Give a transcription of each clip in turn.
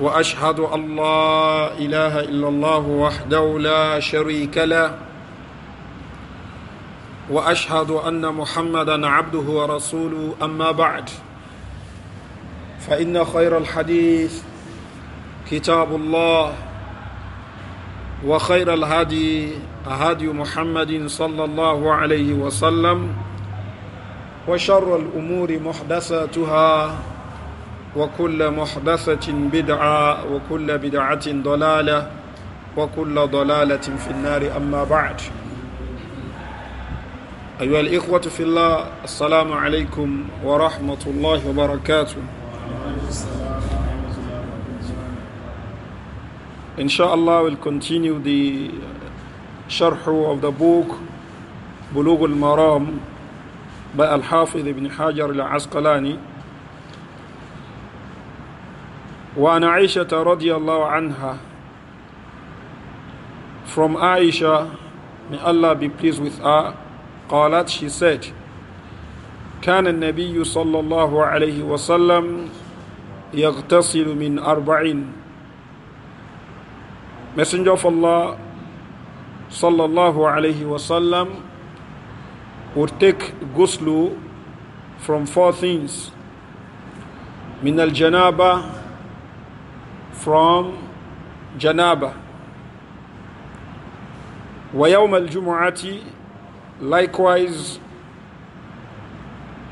واشهد ان لا اله الا الله وحده لا شريك له واشهد ان محمدا عبده ورسوله اما بعد فان خير الحديث كتاب الله وخير الهدي هدي محمد صلى الله عليه وسلم وشر الامور محدثاتها وكل محدثة بدعة وكل بدعة ضلالة وكل ضلالة في النار أما بعد أيها الإخوة في الله السلام عليكم ورحمة الله وبركاته إن شاء الله we'll continue the شرح of the book بلوغ المرام maram by Al-Hafiz ibn Hajar وعن عائشة رضي الله عنها from Aisha may Allah be pleased with her قالت she said كان النبي صلى الله عليه وسلم يغتسل من أربعين Messenger of Allah صلى الله عليه وسلم would take guslu from four things من الجنابه from janaba ويوم الجمعة likewise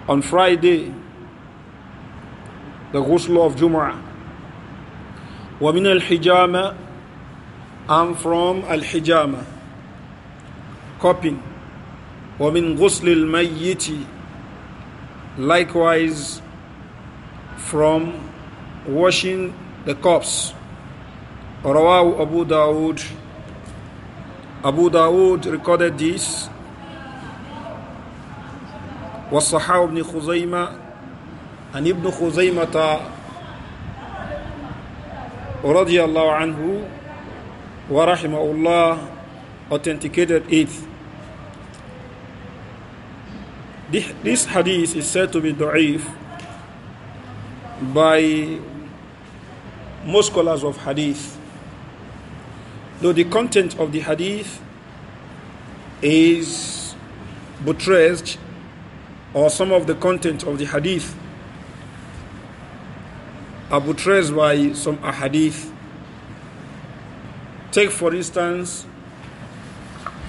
on Friday the ghusl of Jumu'ah ومن الحجامة I'm from الحجامة copying ومن غسل الميت likewise from washing the corpse. Rawahu Abu Dawood. Abu Dawood recorded this. والصحاو ابن خزيمة أن ابن خزيمة رضي الله عنه ورحمه الله authenticated it. This hadith is said to be da'if by most scholars of hadith. Though the content of the hadith is buttressed, or some of the content of the hadith are buttressed by some ahadith. Take, for instance,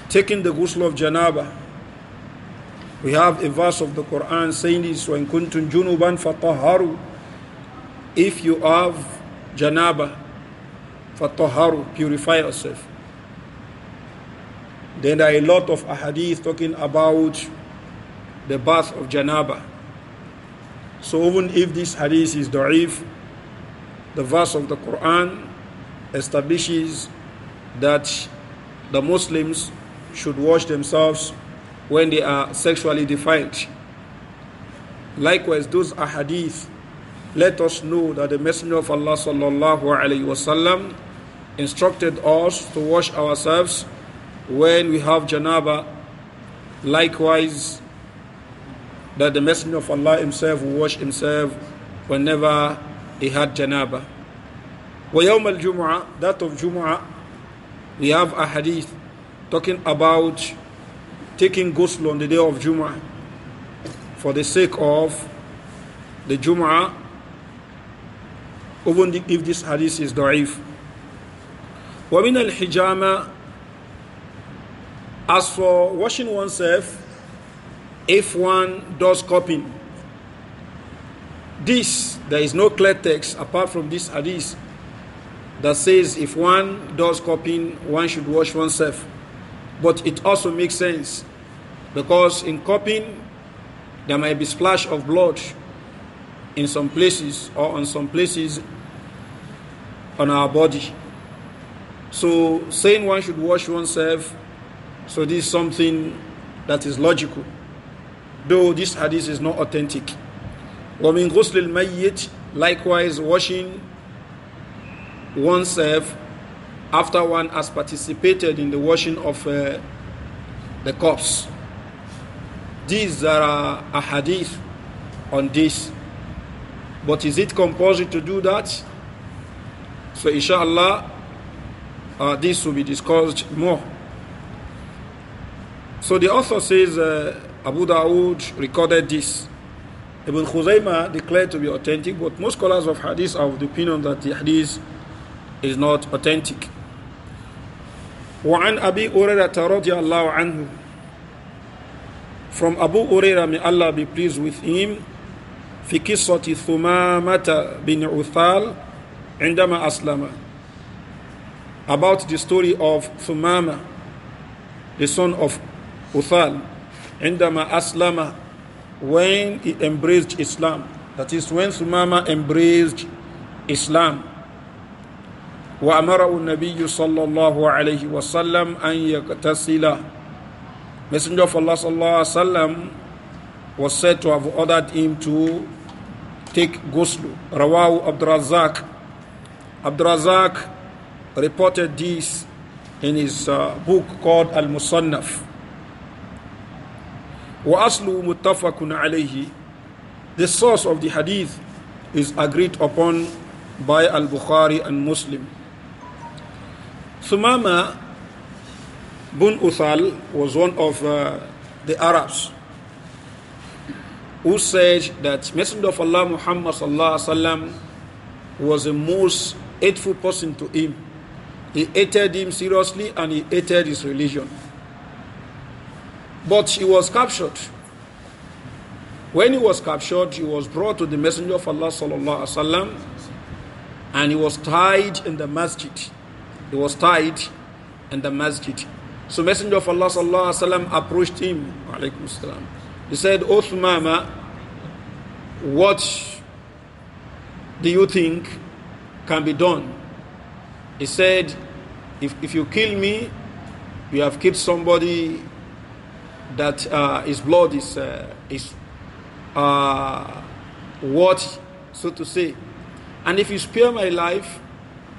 taking the ghusl of janaba. We have a verse of the Quran saying this: "When kuntun junuban fatahharu." If you have janaba, fataharu, purify yourself. Then there are a lot of ahadith talking about the bath of janaba. So even if this hadith is da'if, the verse of the Quran establishes that the Muslims should wash themselves when they are sexually defiled. Likewise, those ahadith let us know that the Messenger of Allah sallallahu alaihi wasallam instructed us to wash ourselves when we have janaba. Likewise, that the Messenger of Allah himself will wash himself whenever he had janaba. ويوم الجمعة that of Jumu'ah we have a hadith talking about taking ghusl on the day of Jumu'ah for the sake of the Jumu'ah even if this hadith is da'if. وَمِنَ الْحِجَامَةِ As for washing oneself, if one does copying, this, there is no clear text apart from this hadith that says if one does copying, one should wash oneself. But it also makes sense because in copying, there might be splash of blood in some places or on some places on our body. So saying one should wash oneself, so this is something that is logical. Though this hadith is not authentic. وَمِنْ غُسْلِ الْمَيِّتِ Likewise, washing oneself after one has participated in the washing of uh, the corpse. These are a hadith on this. But is it compulsory to do that? So, inshallah, uh, this will be discussed more. So, the author says uh, Abu Dawood recorded this. Ibn Khuzaymah declared to be authentic, but most scholars of hadith are of the opinion that the hadith is not authentic. وعن أبي رضي الله عنه From Abu Huraira, may Allah be pleased with him, في قصة ثمامة بن عثال عندما أسلم about the story of Thumama the son of Uthal عندما أسلم when he embraced Islam that is when Thumama embraced Islam وأمره النبي صلى الله عليه وسلم أن يغتسل Messenger of Allah صلى الله عليه وسلم was said to have ordered him to take ghusl. Rawahu Abdurazak. Abdurazak reported this in his uh, book called Al Musannaf. وأصله متفق عليه The source of the hadith is agreed upon by Al-Bukhari and Muslim. Sumama bin Uthal was one of uh, the Arabs who said that Messenger of Allah Muhammad sallam, was the most hateful person to him. He hated him seriously and he hated his religion. But he was captured. When he was captured, he was brought to the Messenger of Allah sallallahu wasallam, and he was tied in the masjid. He was tied in the masjid. So Messenger of Allah sallallahu wasallam approached him, alaykum salam, he said, O oh, what do you think can be done? He said, if, if you kill me, you have killed somebody that uh, his blood is, uh, is uh, what, so to say. And if you spare my life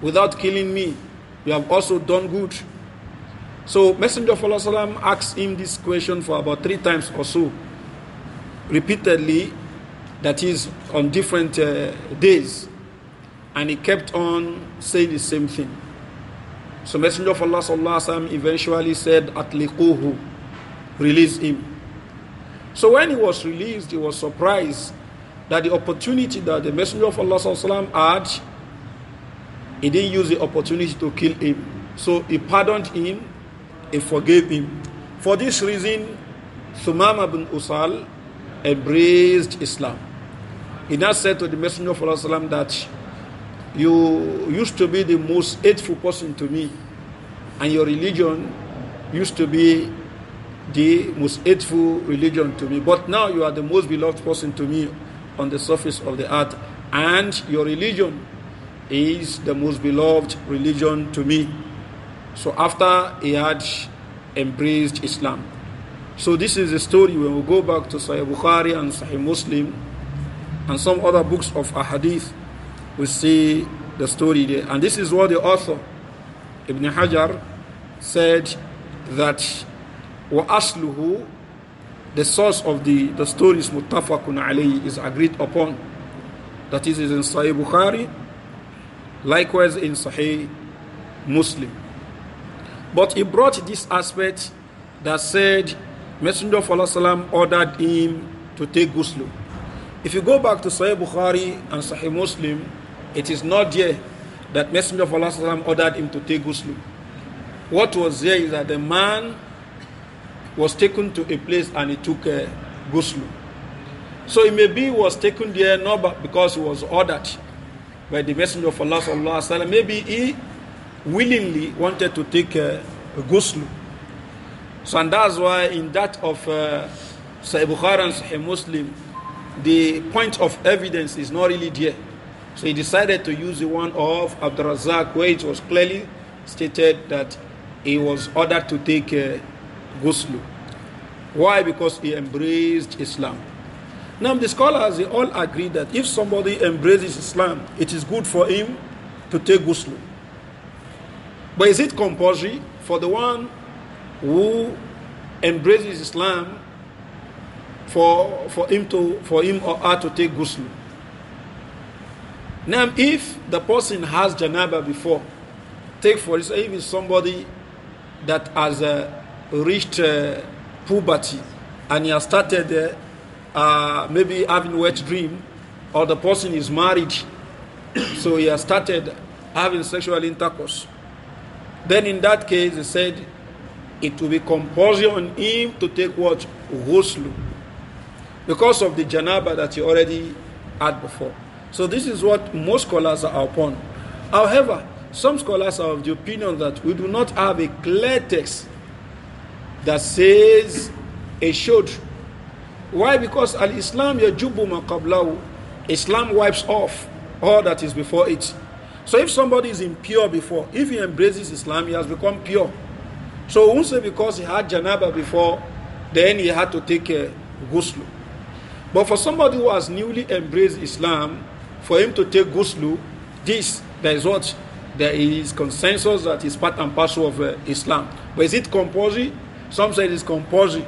without killing me, you have also done good. So Messenger of Allah asked him this question for about three times or so repeatedly, that is, on different uh, days. And he kept on saying the same thing. So Messenger of Allah sallallahu alaihi wasallam eventually said, "Atliquhu, release him." So when he was released, he was surprised that the opportunity that the Messenger of Allah sallallahu had, he didn't use the opportunity to kill him. So he pardoned him, he forgave him. For this reason, Sumama bin Usal embraced Islam. He now said to the Messenger of Allah that you used to be the most hateful person to me, and your religion used to be the most hateful religion to me. But now you are the most beloved person to me on the surface of the earth, and your religion is the most beloved religion to me. So after he had embraced Islam, so this is a story when we go back to Sahih Bukhari and Sahih Muslim and some other books of Ahadith, we see the story there. And this is what the author, Ibn Hajar, said that Asluhu, the source of the, the stories muttafaqun alayhi is agreed upon. That is, in Sahih Bukhari, likewise in Sahih Muslim. But he brought this aspect that said Messenger of Allah salam, ordered him to take ghusl. If you go back to Sahih Bukhari and Sahih Muslim, it is not there that Messenger of Allah salam, ordered him to take ghusl. What was there is that the man was taken to a place and he took a uh, ghusl. So it may be he was taken there not because he was ordered by the Messenger of Allah. Maybe he willingly wanted to take a uh, ghusl. So, and that's why in that of uh, Sahih Bukhari and Sahih Muslim, the point of evidence is not really there. So he decided to use the one of Abdurazak, where it was clearly stated that he was ordered to take uh, ghusl. Why? Because he embraced Islam. Now, the scholars they all agree that if somebody embraces Islam, it is good for him to take ghusl. But is it compulsory for the one who embraces Islam for, for, him to, for him or her to take ghusl. Now, if the person has janaba before, take for instance, Even somebody that has uh, reached uh, puberty and he has started uh, uh maybe having wet dream, or the person is married, so he has started having sexual intercourse. Then in that case, he said it will be compulsory on him to take what? Ghusl. Because of the janaba that he already had before. So this is what most scholars are upon. However, some scholars are of the opinion that we do not have a clear text that says a should. Why? Because Al Islam yajubu maqablahu. Islam wipes off all that is before it. So if somebody is impure before, if he embraces Islam, he has become pure. So we will say because he had janaba before, then he had to take a ghusl. But for somebody who has newly embraced Islam, for him to take ghusl, this, there is what? There is consensus that is part and parcel of uh, Islam. But is it compulsory? Some say it is compulsory,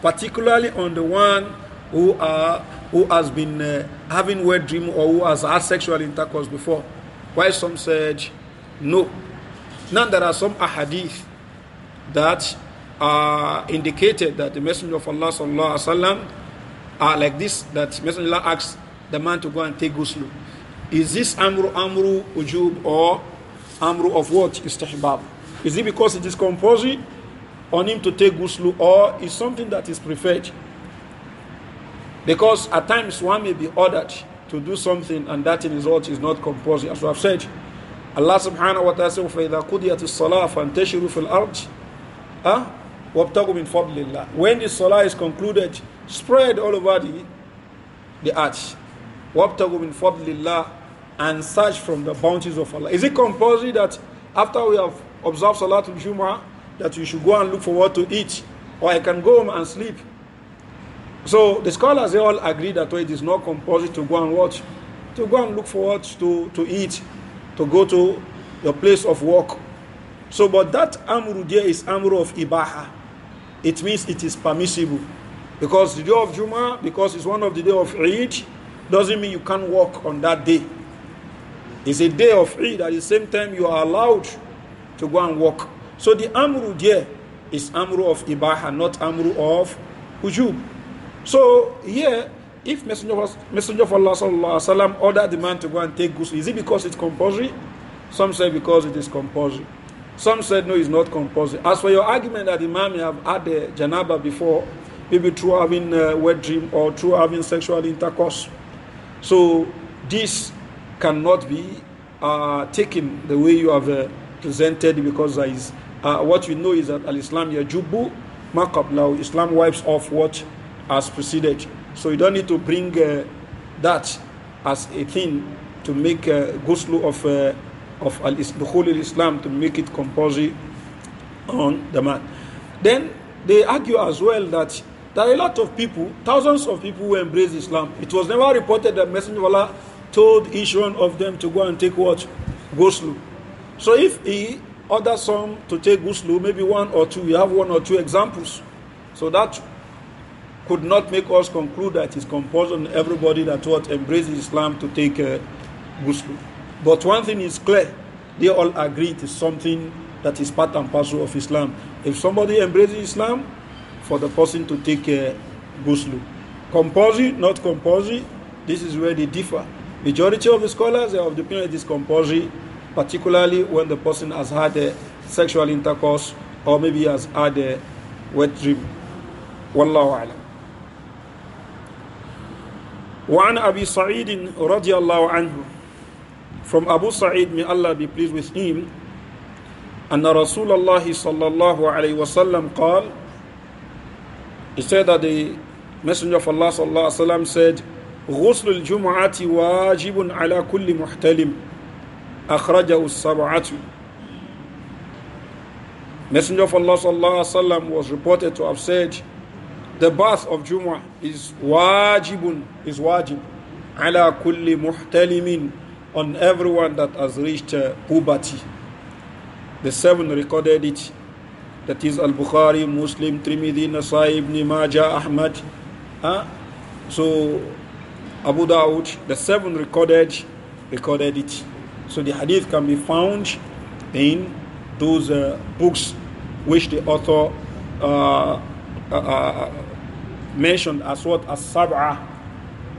particularly on the one who, are, who has been uh, having wet dream or who has had sexual intercourse before. Why some said no. Now there are some ahadith that uh, indicated that the Messenger of Allah sallallahu alaihi wasallam are like this. That Messenger of Allah asks the man to go and take ghusl. Is this amru amru ujub or amru of what istihbab? Is it because it is compulsory on him to take ghusl or is something that is preferred? Because at times one may be ordered to do something and that in result is not compulsory. As we have said, Allah subhanahu wa ta'ala says, فَإِذَا قُدِيَتِ الصَّلَاةِ فَانْتَشِرُوا فِي الْأَرْضِ Huh? When the salah is concluded, spread all over the, the earth. وَابْتَغُوا مِنْ فَضْلِ اللَّهِ And search from the bounties of Allah. Is it compulsory that after we have observed Salatul Jum'ah, that you should go and look for what to eat? Or I can go home and sleep? So the scholars, they all agree that it is not compulsory to go and watch, to go and look for what to, to eat, to go to your place of work so, but that amru there is amru of ibaha. It means it is permissible. Because the day of Juma, because it's one of the day of Eid, doesn't mean you can't walk on that day. It's a day of Eid. At the same time, you are allowed to go and walk. So the amru there is amru of ibaha, not amru of ujub. So here, if Messenger of, Messenger Allah sallallahu alaihi ordered the man to go and take ghusl, is it because it's compulsory? Some say because it is compulsory. Some said, no, it's not compulsory. As for your argument that Imam may have had a janaba before, maybe through having a uh, wet dream or through having sexual intercourse. So this cannot be uh, taken the way you have uh, presented because uh, what we know is that al-Islam yajubu makab now Islam wipes off what has preceded. So you don't need to bring uh, that as a thing to make uh, ghusl of uh, of al Islam to make it compulsory on the man. Then they argue as well that there are a lot of people, thousands of people who embrace Islam. It was never reported that Messenger of Allah told each one of them to go and take what? Ghusl. So if he orders some to take ghusl, maybe one or two, we have one or two examples. So that could not make us conclude that it's compulsory on everybody that what embraces Islam to take uh, ghusl. But one thing is clear they all agree it is something that is part and parcel of Islam. If somebody embraces Islam, for the person to take a ghusl. Compulsory, not compulsory, this is where they differ. Majority of the scholars are of the opinion it is compulsory, particularly when the person has had a sexual intercourse or maybe has had a wet dream. Wallahu alam. وعن أبي سعيد رضي الله عنه from Abu Sa'id, may Allah be pleased with him, أن رسول الله صلى الله عليه وسلم قال He said that the Messenger of Allah صلى الله عليه وسلم said غسل الجمعة واجب على كل محتلم أخرجه السبعة Messenger of Allah صلى الله عليه وسلم was reported to have said the bath of Jumu'ah is wajibun is wajib ala kulli muhtalimin on everyone that has reached uh, puberty. The seven recorded it. That is Al Bukhari, Muslim, Trimidi, Nasai, Ibn Majah, Ahmad. Huh? So Abu Dawud, the seven recorded, recorded it. So the hadith can be found in those uh, books which the author uh, uh, uh, uh mentioned as what as sab'ah,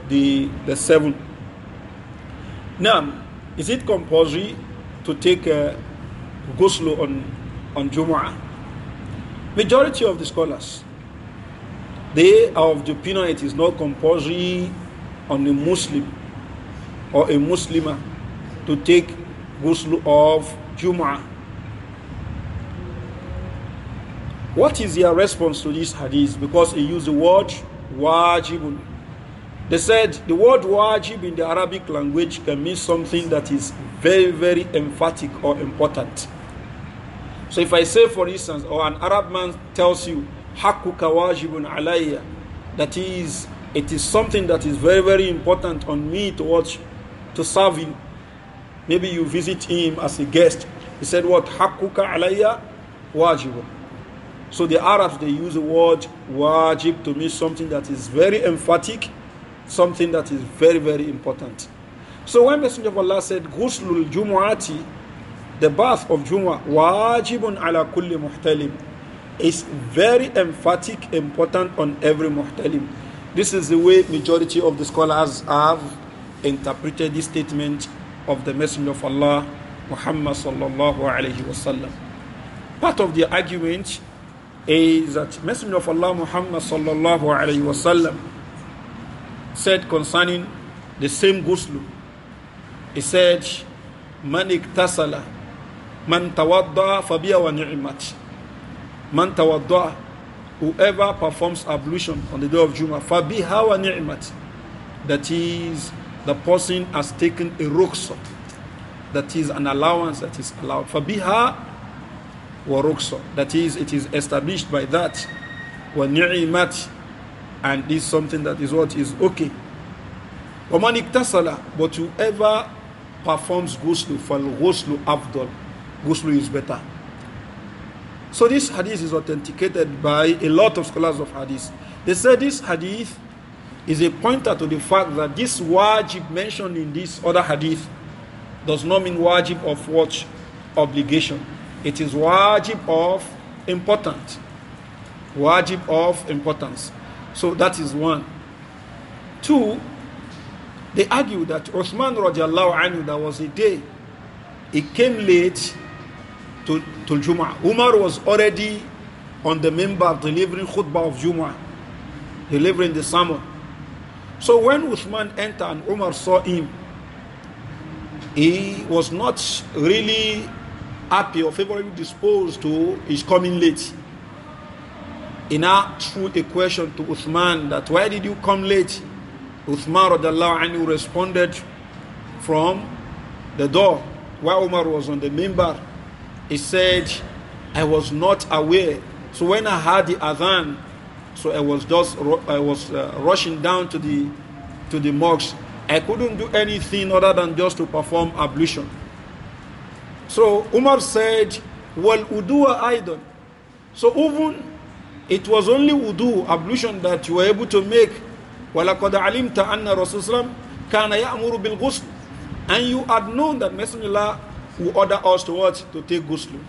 the the seven. Now, is it compulsory to take uh, ghusl on, on Jumu'ah? Majority of the scholars, they are of the opinion it is not compulsory on a Muslim or a Muslimah to take ghusl of Jumu'ah. What is your response to this hadith? Because he used the word wajibun. They said the word wajib in the Arabic language can mean something that is very, very emphatic or important. So if I say, for instance, or an Arab man tells you, Hakuka wajibun alayya, that is, it is something that is very, very important on me to watch, to serve him. Maybe you visit him as a guest. He said, What? Hakuka alayya wajibun. So the Arabs, they use the word wajib to mean something that is very emphatic something that is very, very important. So when Messenger of Allah said, Ghuslul Jumu'ati, the bath of Jumu'ah, wajibun ala kulli muhtalim, is very emphatic, important on every muhtalim. This is the way majority of the scholars have interpreted this statement of the Messenger of Allah, Muhammad sallallahu alayhi wasallam. Part of the argument is that Messenger of Allah, Muhammad sallallahu alayhi wasallam, said concerning the same ghusl. He said, Man iktasala, man tawadda fabiya wa ni'mat. Man tawadda, whoever performs ablution on the day of Juma, fabiha wa ni'mat. That is, the person has taken a ruqsa. That is an allowance that is allowed. Fabiha wa ruqsa. That is, it is established by that. Wa ni'mat and this something that is what is okay. وَمَنْ اِكْتَسَلَ But whoever performs ghusl, فَالْغُسْلُ أَفْضَلُ Ghusl is better. So this hadith is authenticated by a lot of scholars of hadith. They say this hadith is a pointer to the fact that this wajib mentioned in this other hadith does not mean wajib of what obligation. It is wajib of important. Wajib of importance. So that is one. Two, they argue that Uthman radiallahu anhu, there was a day he came late to, to Jum'ah. Umar was already on the member delivering khutbah of Jum'ah, delivering the sermon. So when Uthman entered and Umar saw him, he was not really happy or favorably disposed to his coming late. He now threw a question to Uthman that why did you come late? Uthman anhu responded from the door while Umar was on the mimbar. He said, I was not aware. So when I heard the adhan, so I was just I was uh, rushing down to the to the mosque. I couldn't do anything other than just to perform ablution. So Umar said, "Well, udua aidan." So even it was only wudu, ablution, that you were able to make. وَلَقَدْ عَلِمْتَ أَنَّ رَسُولُ صَلَّى كَانَ يَأْمُرُ ghusl, And you had known that Messenger of Allah will order us to what? To take ghusl.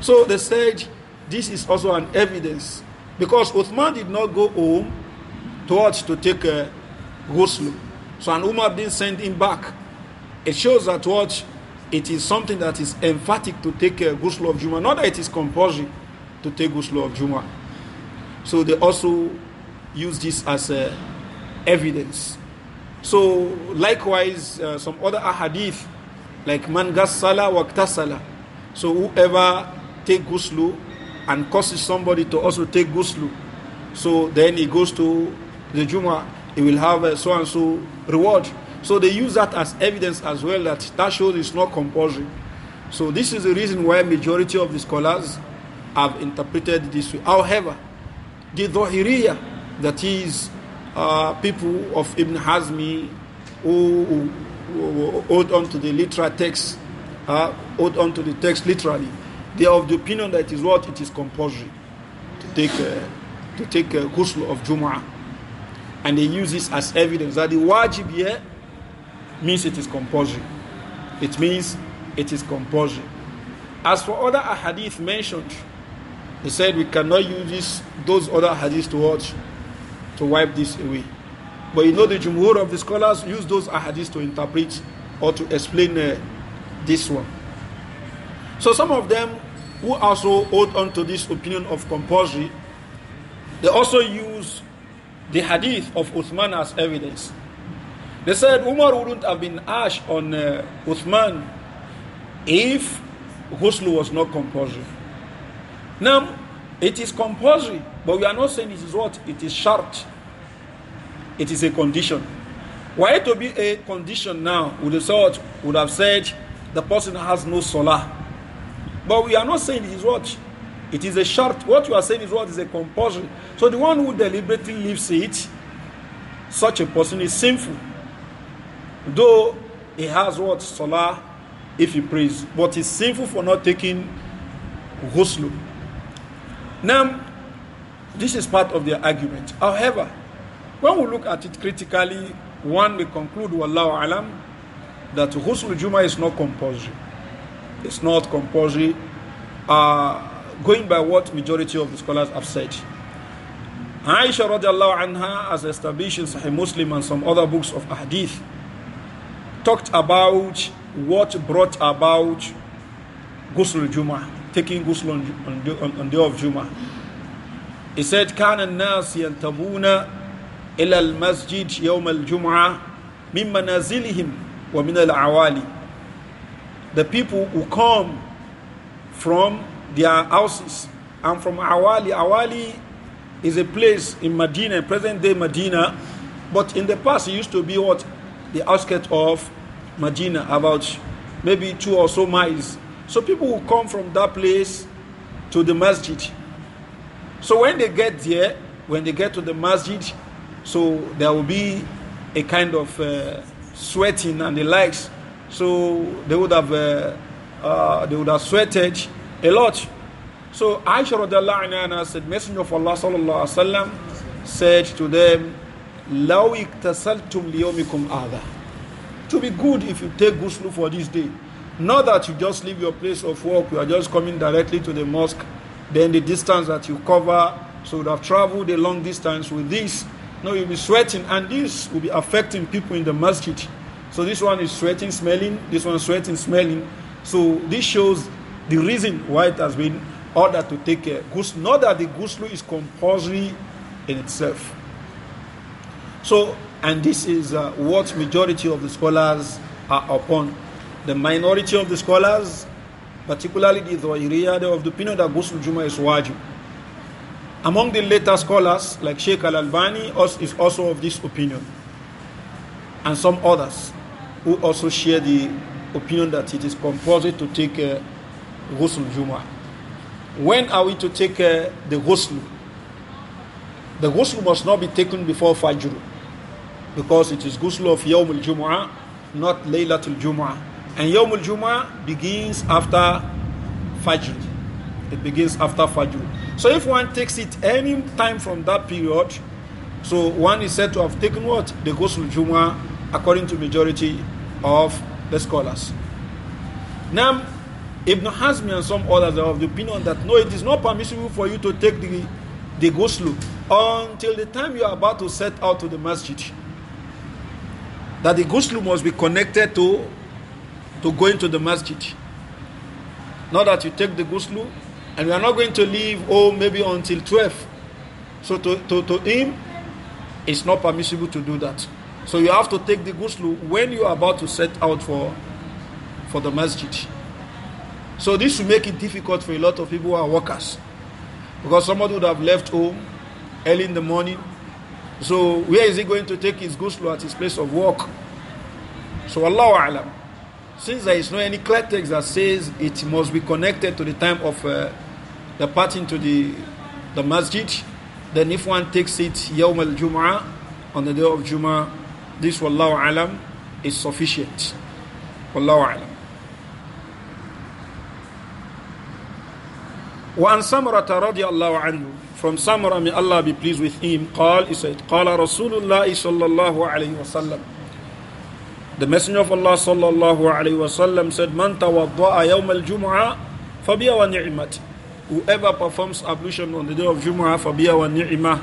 So they said, this is also an evidence. Because Uthman did not go home to To take uh, ghusl. So an Umar didn't send him back. It shows that what? It is something that is emphatic to take uh, ghusl of Juma. Not that it is compulsory to take ghusl of Jumu'ah. So they also use this as uh, evidence. So likewise, uh, some other ahadith like man gassala waqtasala. So whoever take ghusl and causes somebody to also take ghusl, so then he goes to the Jumu'ah, he will have a uh, so and so reward. So they use that as evidence as well that that shows it's not compulsory. So this is the reason why majority of the scholars have interpreted this way. However, the Dhahiriyah, that is, uh, people of Ibn Hazmi who, who, who hold on to the literal text, uh, hold on to the text literally, they are of the opinion that is what it is compulsory to take uh, to take uh, ghusl of Jumu'ah. And they use this as evidence that the wajib here means it is compulsory. It means it is compulsory. As for other ahadith mentioned, he said we cannot use this, those other hadiths to watch, to wipe this away. But you know the jumhur of the scholars use those hadiths to interpret or to explain uh, this one. So some of them who also hold on to this opinion of compulsory, they also use the hadith of Uthman as evidence. They said Umar wouldn't have been ash on uh, Uthman if ghusl was not compulsory. Now, it is compulsory, but we are not saying it is what? It is short. It is a condition. Why it to be a condition now would have said, would have said the person has no solar. But we are not saying it is what? It is a short. What you are saying is what is a compulsory. So the one who deliberately leaves it, such a person is sinful. Though he has what? Solar if he prays. But he's sinful for not taking ghusl now, this is part of their argument. However, when we look at it critically, one may conclude, Wallahu alam, that Ghusl Juma is not compulsory. It's not compulsory, uh, going by what majority of the scholars have said. Aisha radiallahu anha, as established in Sahih Muslim and some other books of hadith, talked about what brought about Ghusl Juma taking ghusl on, on, the, on, day of Juma. He said, كان الناس ينتمون إلى المسجد يوم الجمعة من منازلهم ومن العوالي. The people who come from their houses and from Awali. Awali is a place in Medina, present day Medina, but in the past it used to be what? The outskirts of Medina, about maybe two or so miles so people will come from that place to the masjid. So when they get there, when they get to the masjid, so there will be a kind of uh, sweating and the likes. So they would have uh, uh, they would have sweated a lot. So Aisha radiallahu anha said, Messenger of Allah sallallahu alaihi wasallam said to them, "Law iktasaltum liyawmikum adha." To be good if you take ghusl for this day. Not that you just leave your place of work, you are just coming directly to the mosque, then the distance that you cover, so you have traveled a long distance with this. No, you'll be sweating, and this will be affecting people in the masjid. So this one is sweating, smelling, this one is sweating, smelling. So this shows the reason why it has been ordered to take a ghusl. Not that the ghusl is compulsory in itself. So, and this is uh, what majority of the scholars are upon the minority of the scholars, particularly the Zawahiriya, of the opinion that Ghusl Juma is wajib. Among the later scholars, like Sheikh Al Albani, is also of this opinion, and some others who also share the opinion that it is compulsory to take uh, Ghusl Juma. When are we to take uh, the Ghusl? The Ghusl must not be taken before Fajr because it is Ghusl of Yawm al not Laylatul Jumu'ah. And Yawmul muljuma begins after Fajr. It begins after Fajr. So if one takes it any time from that period, so one is said to have taken what? The Ghusl muljuma, according to majority of the scholars. Now, Ibn Hazm and some others are of the opinion that no, it is not permissible for you to take the, the ghusl until the time you are about to set out to the masjid. That the ghusl must be connected to to go into the masjid. Not that you take the ghusl and you are not going to leave, oh, maybe until 12. So to, to, to him, it's not permissible to do that. So you have to take the ghusl when you are about to set out for, for the masjid. So this will make it difficult for a lot of people who are workers. Because somebody would have left home early in the morning. So where is he going to take his ghusl at his place of work? So Allah alam. Since there is no any clear text that says it must be connected to the time of uh, the parting to the, the masjid, then if one takes it Yawm al Jum'ah, on the day of Jum'ah, this Wallahu Alam is sufficient. Wallahu Alam. وعن سمرة رضي الله عنه from Samura may Allah be pleased with him قال he said قال رسول الله صلى الله عليه وسلم the Messenger of Allah sallallahu wa sallam said, "Man tawadda'a yawm al-jum'ah, fabiya wa ni'mat." Whoever performs ablution on the day of Jum'ah, fabiya wa ni'mah.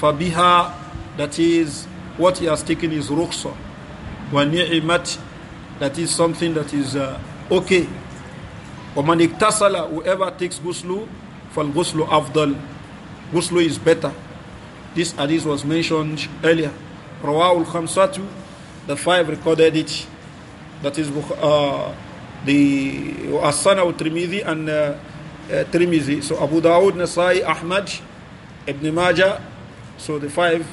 Fabiha, that is what he has taken is ruqsa. Wa ni'mat, that is something that is uh, okay. وَمَنْ اِكْتَسَلَ Whoever takes ghuslu, فَالْغُسْلُ أَفْضَلُ Ghuslu is better. This hadith was mentioned earlier. رواه khamsatu. The five recorded it. That is uh, the Asana Trimidi and uh, uh, So Abu Dawud, Nasai, Ahmad, Ibn Majah. So the five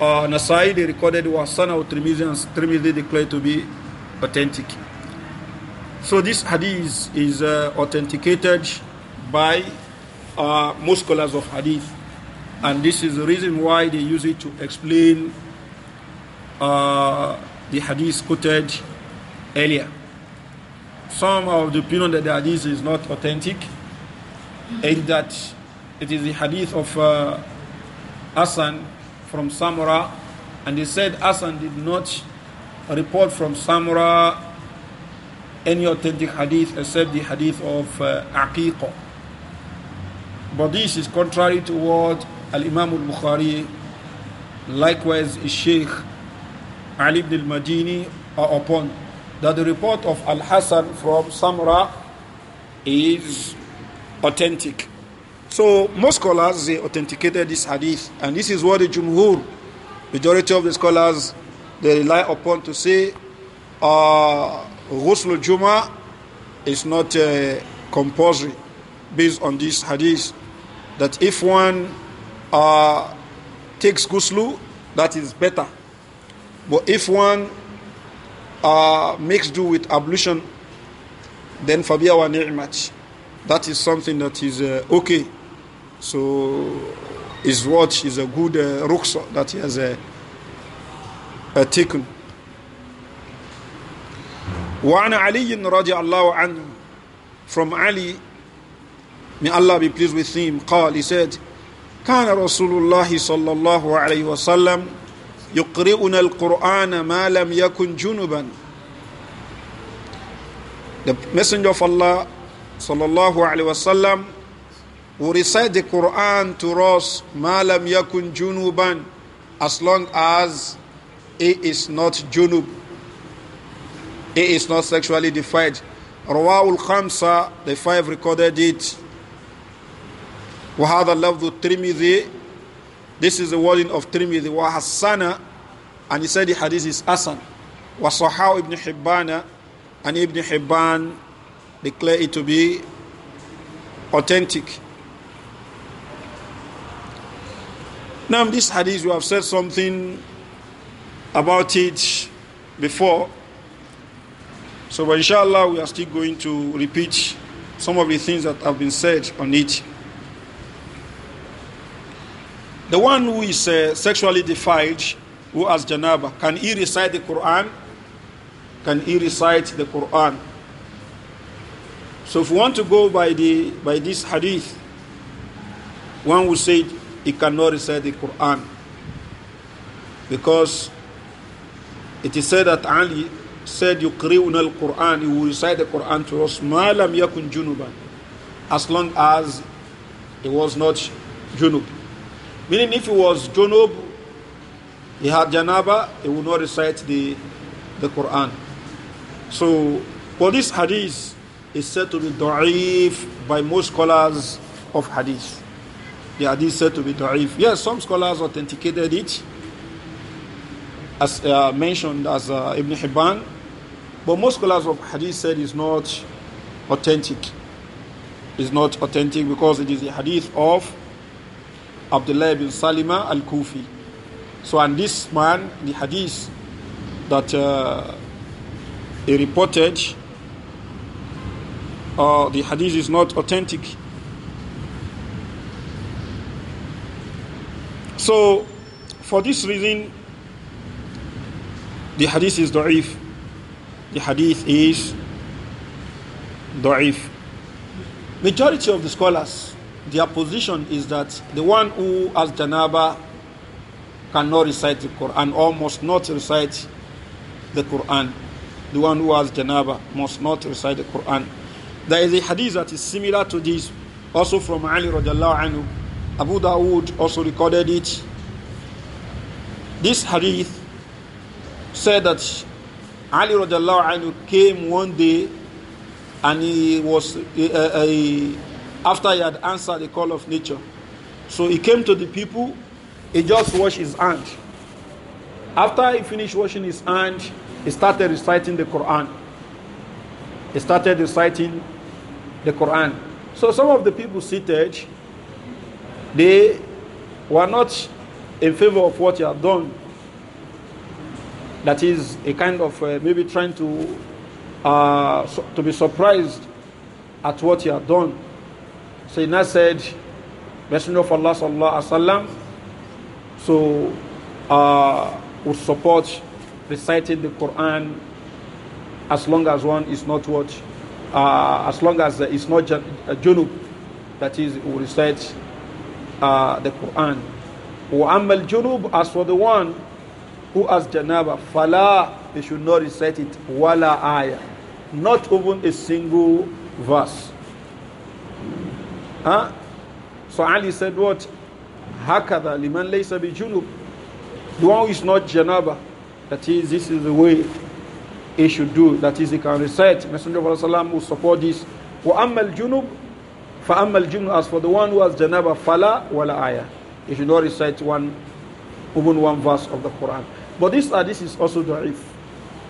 uh, Nasai they recorded of Trimidi and Trimidi declared to be authentic. So this hadith is uh, authenticated by uh, most scholars of hadith, and this is the reason why they use it to explain uh, the hadith quoted earlier. Some of the opinion that the hadith is not authentic and that it is the hadith of uh, from Samura, and they said Asan did not report from Samura any authentic hadith except the hadith of uh, Aqiqah. But this is contrary to what Al Imam al Bukhari, likewise, Sheikh Ali ibn al-Madini are upon. That the report of Al-Hasan from Samra is authentic. So most scholars they authenticated this hadith, and this is what the Jumhur, majority of the scholars, they rely upon to say, uh, Ghusl Juma is not uh, compulsory, based on this hadith, that if one uh, takes ghusl, that is better but if one uh, makes do with ablution, then fabiya wa ni'mat. That is something that is uh, okay. So his watch is a good uh, rukhsa that he has uh, uh, taken. وعن علي رضي الله عنه from Ali may Allah be pleased with him قال he said كان رسول الله صلى الله عليه وسلم يقرئنا القرآن ما لم يكن جنبا The Messenger of Allah sallallahu alaihi wasallam will recite the Quran to us ما لم يكن جنوبا as long as it is not junub it is not sexually defiled رواه الخمسة the five recorded it وهذا لفظ الترمذي this is the wording of Tirmidhi wa Hassana, and he said the hadith is Hasan. Wa Sahaw ibn Hibbana, and Ibn Hibban declare it to be authentic. Now, this hadith, we have said something about it before. So, inshallah, we are still going to repeat some of the things that have been said on it. The one who is uh, sexually defiled, who has janaba, can he recite the Quran? Can he recite the Quran? So if we want to go by, the, by this hadith, one would say he cannot recite the Quran. Because it is said that Ali said, يقرئنا quran he will recite the Quran to us, ما لم as long as he was not junub. Meaning, if it was Jonob, he had Janaba, he would not recite the, the Quran. So, for this hadith is said to be da'if by most scholars of hadith. The hadith said to be da'if. Yes, some scholars authenticated it, as uh, mentioned as uh, Ibn Hibban, but most scholars of hadith said it's not authentic. It's not authentic because it is a hadith of Abdullah bin Salima al Kufi. So, and this man, the hadith that uh, he reported, uh, the hadith is not authentic. So, for this reason, the hadith is da'if. The hadith is da'if. Majority of the scholars their position is that the one who has janaba cannot recite the Quran or must not recite the Quran. The one who has janaba must not recite the Quran. There is a hadith that is similar to this, also from Ali radiallahu anhu. Abu Dawood also recorded it. This hadith said that Ali radiallahu anhu came one day and he was a, a uh, after he had answered the call of nature. So he came to the people, he just washed his hand. After he finished washing his hand, he started reciting the Quran. He started reciting the Quran. So some of the people seated, they were not in favor of what he had done. That is a kind of uh, maybe trying to uh, so, to be surprised at what he had done. So said, Messenger of Allah sallallahu alaihi wasallam, so uh, would support reciting the Quran as long as one is not what, uh, as long as it's not a uh, junub, that is, who recite uh, the Quran. وَأَمَّا junub, As for the one who has janaba, fala, They should not recite it. وَلَا ayah. Not even a single verse. Huh? So Ali said, What? Hakada liman laysa bi junub. The one who is not janaba. That is, this is the way he should do. That is, he can recite. Messenger of Allah will support this. Wa ammal junub. Fa ammal junub. As for the one who has janaba, fala wala aya. He should not recite one, even one verse of the Quran. But this hadith is also da'if.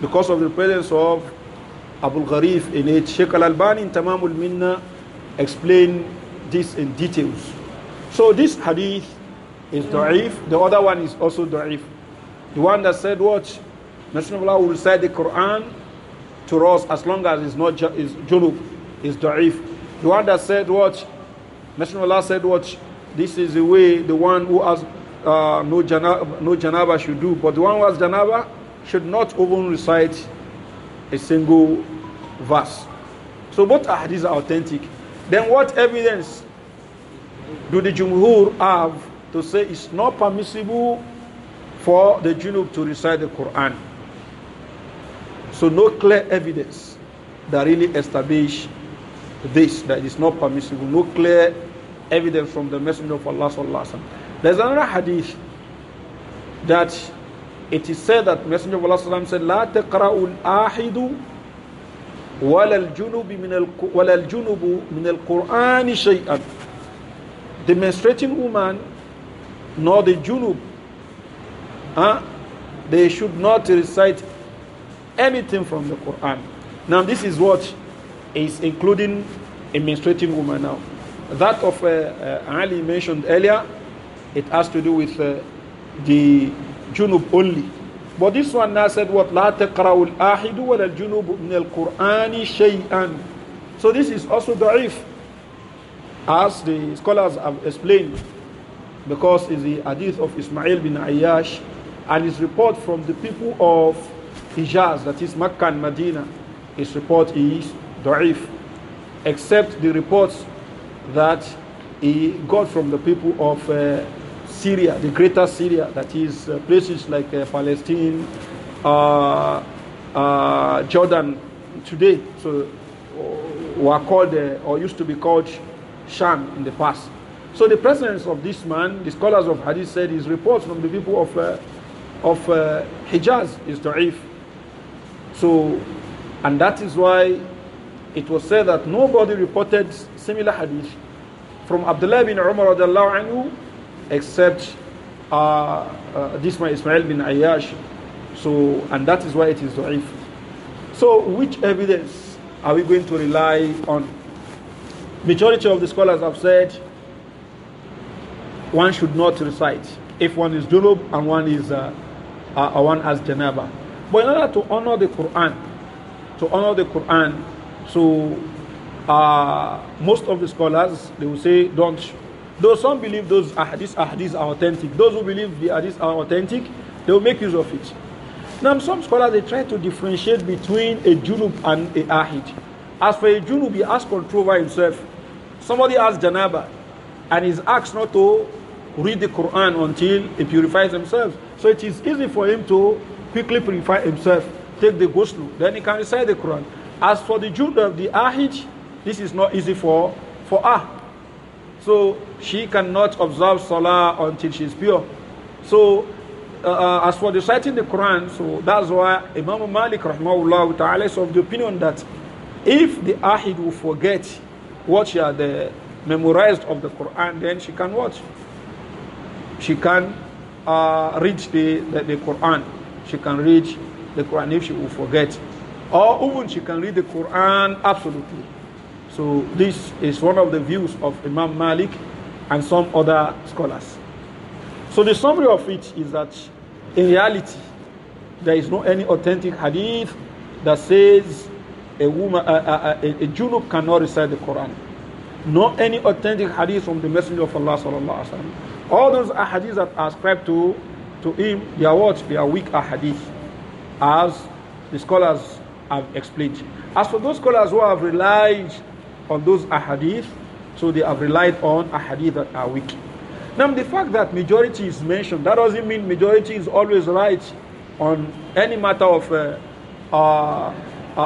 Because of the presence of Abu Gharif in it, Sheikh Al-Albani in Tamamul Minna explained this in details. So this hadith is da'if. The other one is also da'if. The one that said what? Messenger Allah will recite the Quran to us as long as it's not is junub, is da'if. The one that said what? Messenger Allah said what? This is the way the one who has uh, no, janaba, no janaba should do. But the one who has janaba should not even recite a single verse. So both hadiths are authentic. Then what evidence do the Jumhur have to say it's not permissible for the Junub to recite the Quran? So no clear evidence that really establish this, that it's not permissible. No clear evidence from the Messenger of Allah There's another hadith that it is said that Messenger of Allah sallallahu alaihi wasallam said, لا تقرأوا الآحد ولا الجنوب من الق... ولا الجنوب من القرآن شيئا the menstruating woman nor the junub huh? they should not recite anything from the Quran now this is what is including a menstruating woman now that of uh, uh, Ali mentioned earlier it has to do with uh, the junub only but this one now said what? لا taqra'u al ولا wa al القرآن شيئا. So this is also ضعيف, As the scholars have explained, because it's the hadith of Ismail bin Ayyash and his report from the people of Hijaz, that is Makkah and Medina, his report is ضعيف, except the reports that he got from the people of uh, Syria, the greater Syria, that is uh, places like uh, Palestine, uh, uh Jordan today. So uh, were called uh, or used to be called Sham in the past. So the presence of this man, the scholars of Hadith said, is reports from the people of of Hijaz is da'if. So, and that is why it was said that nobody reported similar hadith from Abdullah bin Umar anhu except uh, uh, this one Ismail bin Ayash, So, and that is why it is da'if. So, which evidence are we going to rely on? Majority of the scholars have said one should not recite if one is junub and one is uh, uh, one as janaba. But in order to honor the Quran, to honor the Quran, so uh, most of the scholars they will say don't Though some believe those ahadith, ahadith are authentic. Those who believe the ahadith are authentic, they will make use of it. Now, some scholars, they try to differentiate between a junub and a ahid. As for a junub, he has control by himself. Somebody asks janaba and is asked not to read the Quran until he purifies himself. So it is easy for him to quickly purify himself, take the ghusl, then he can recite the Quran. As for the junub, the ahid, this is not easy for, for ah. So she cannot observe Salah until she is pure. So uh, uh, as for reciting the Quran, so that's why Imam Malik rahmahullah ta'ala is of the opinion that if the ahid will forget what she had uh, memorized of the Quran, then she can watch. She can uh, read the, the, the Quran. She can read the Quran if she will forget. Or even she can read the Quran absolutely. So this is one of the views of Imam Malik and some other scholars. So the summary of it is that in reality, there is no any authentic hadith that says a woman, a, a, a, a junub cannot recite the Quran. No any authentic hadith from the Messenger of Allah sallallahu alaihi wasallam. All those hadiths that are ascribed to to him, they are what? They are weak ahadith, as the scholars have explained. As for those scholars who have relied on those ahadith, so they have relied on ahadith that are weak. Now, the fact that majority is mentioned, that doesn't mean majority is always right on any matter of, uh, uh, uh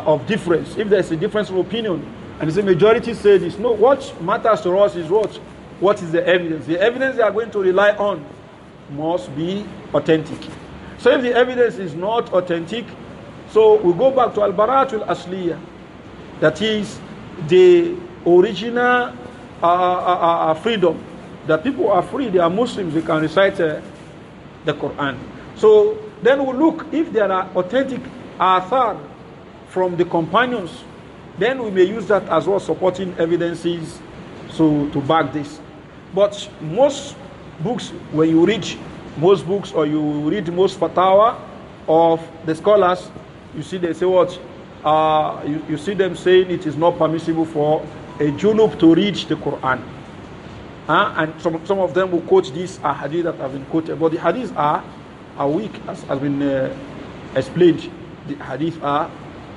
of difference. If there's a difference of opinion, and the majority say this, no, what matters to us is what? What is the evidence? The evidence they are going to rely on must be authentic. So if the evidence is not authentic, so we go back to al-baratul asliya, that is the original uh uh, uh, uh, uh, freedom. The people are free, they are Muslims, they can recite the Quran. So then we look if there are authentic athar from the companions, then we may use that as well, supporting evidences so to back this. But most books, when you read most books or you read most fatwa of the scholars, you see they say what uh, you, you see them saying it is not permissible for a junub to read the Quran. Uh, and some, some of them will quote these uh, hadith that have been quoted, but the hadith are, are weak, as has been uh, explained. The hadith are,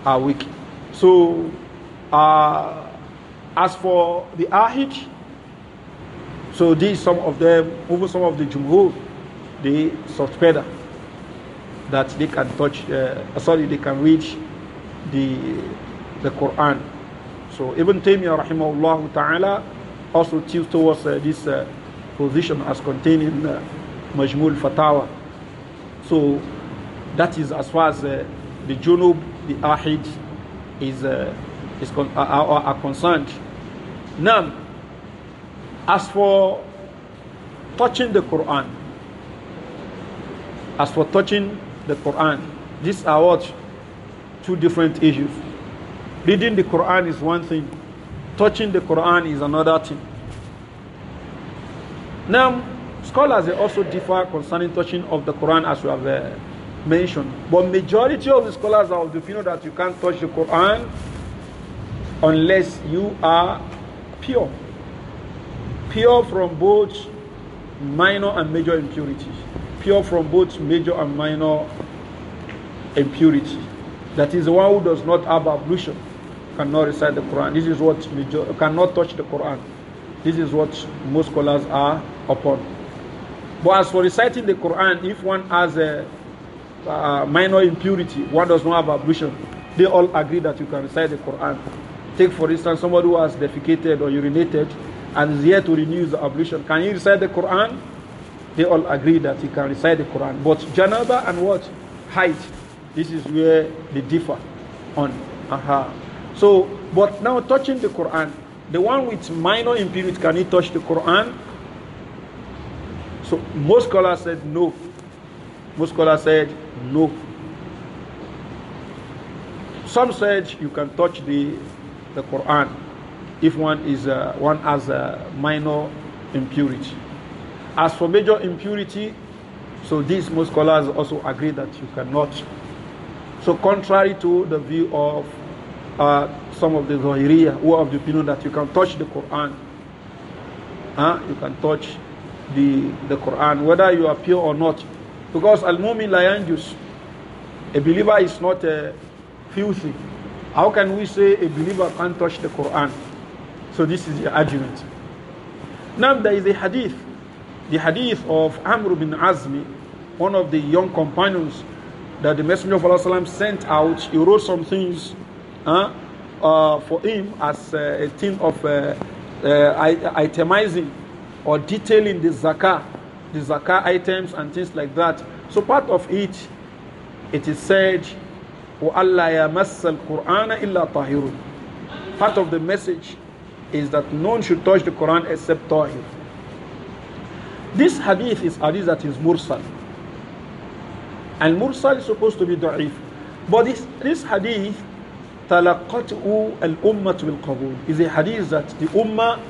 are weak. So, uh, as for the ahid, so these some of them, over some of the jumhur, they suspect that they can touch, uh, sorry, they can reach the, the Quran. So Ibn Taymiyyah rahimahullah ta'ala also tilts towards uh, this uh, position as contained in uh, Majmul Fatawa. So that is as far as uh, the Junub, the Ahid is, uh, is con are, are concerned. Now, as for touching the Quran, as for touching the Quran, these are what two different issues. Reading the Quran is one thing, touching the Quran is another thing. Now, scholars also differ concerning touching of the Quran as we have uh, mentioned. But majority of the scholars are of the opinion that you can't touch the Quran unless you are pure. Pure from both minor and major impurities. Pure from both major and minor impurities. That is one who does not have ablution cannot recite the Quran. This is what cannot touch the Quran. This is what most scholars are upon. But as for reciting the Quran, if one has a, a minor impurity, one does not have ablution. They all agree that you can recite the Quran. Take for instance somebody who has defecated or urinated and is here to renew the ablution. Can he recite the Quran? They all agree that he can recite the Quran. But janaba and what? Height this is where they differ on. Aha. So, but now touching the Quran, the one with minor impurity, can he touch the Quran? So most scholars said no. Most scholars said no. Some said you can touch the the Quran if one is uh, one has a minor impurity. As for major impurity, so these most scholars also agree that you cannot so contrary to the view of uh, some of the Zohiriya who are of the opinion that you can touch the Quran. Huh? You can touch the, the Quran, whether you are pure or not. Because Al-Mumin Layanjus, a believer is not a filthy. How can we say a believer can't touch the Quran? So this is the argument. Now there is a hadith, the hadith of Amr bin Azmi, one of the young companions that the Messenger of Allah sent out, he wrote some things huh, uh, for him as uh, a thing of uh, uh itemizing or detailing the zakah, the zakah items and things like that. So part of it, it is said, Allah masal illa tahirun." Part of the message is that no one should touch the Quran except tahir. This hadith is hadith that is mursal. And Mursal is supposed to be da'if. But this, this hadith, talaqat'u al ummah bil qabul, is a hadith that the ummah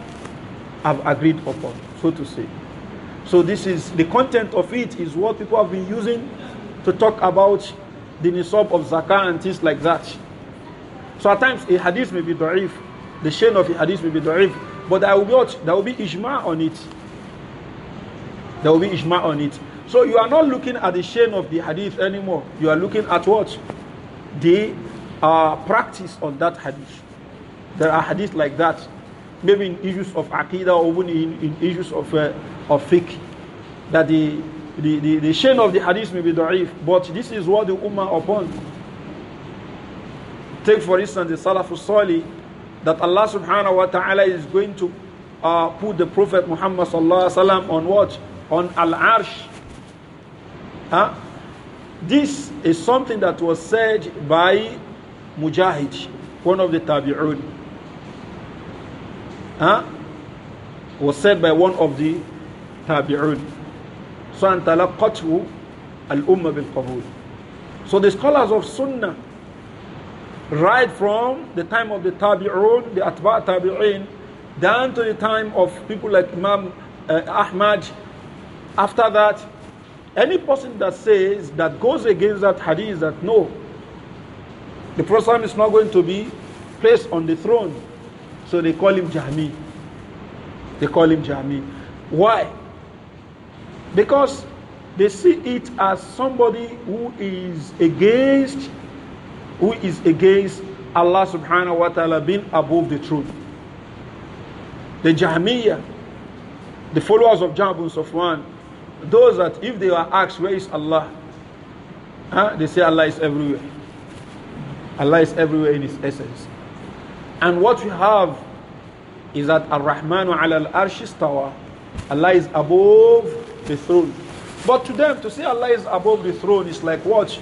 have agreed upon, so to say. So this is, the content of it is what people have been using to talk about the nisab of zakah and things like that. So at times a hadith may be da'if, the chain of a hadith may be da'if, but there will be, there will be ijma on it. There will be ijma on it. So you are not looking at the chain of the hadith anymore. You are looking at what? The uh, practice on that hadith. There are hadith like that. Maybe in issues of aqidah or even in, in issues of, uh, of fiqh. That the, the, the, the chain of the hadith may be da'if. But this is what the ummah upon. Take for instance the Salafus Salih that Allah subhanahu wa ta'ala is going to uh, put the Prophet Muhammad sallallahu alaihi wasallam on what? On Al-Arsh Huh? This is something that was said by Mujahid, one of the Tabi'un. Huh? Was said by one of the Tabi'un. So, أن So the scholars of Sunnah, right from the time of the Tabi'un, the Atba' Tabi'un, down to the time of people like Imam uh, Ahmad, after that, any person that says, that goes against that hadith, that no, the Prophet is not going to be placed on the throne. So they call him Jahmi. They call him Jahmi. Why? Because they see it as somebody who is against who is against Allah subhanahu wa ta'ala being above the truth. The Jahmiyyah, the followers of Jabun Safwan, those that if they are asked, where is Allah? Huh? They say Allah is everywhere. Allah is everywhere in His essence. And what we have is that Ar-Rahmanu al-Arshistawa, Allah is above the throne. But to them, to say Allah is above the throne is like what?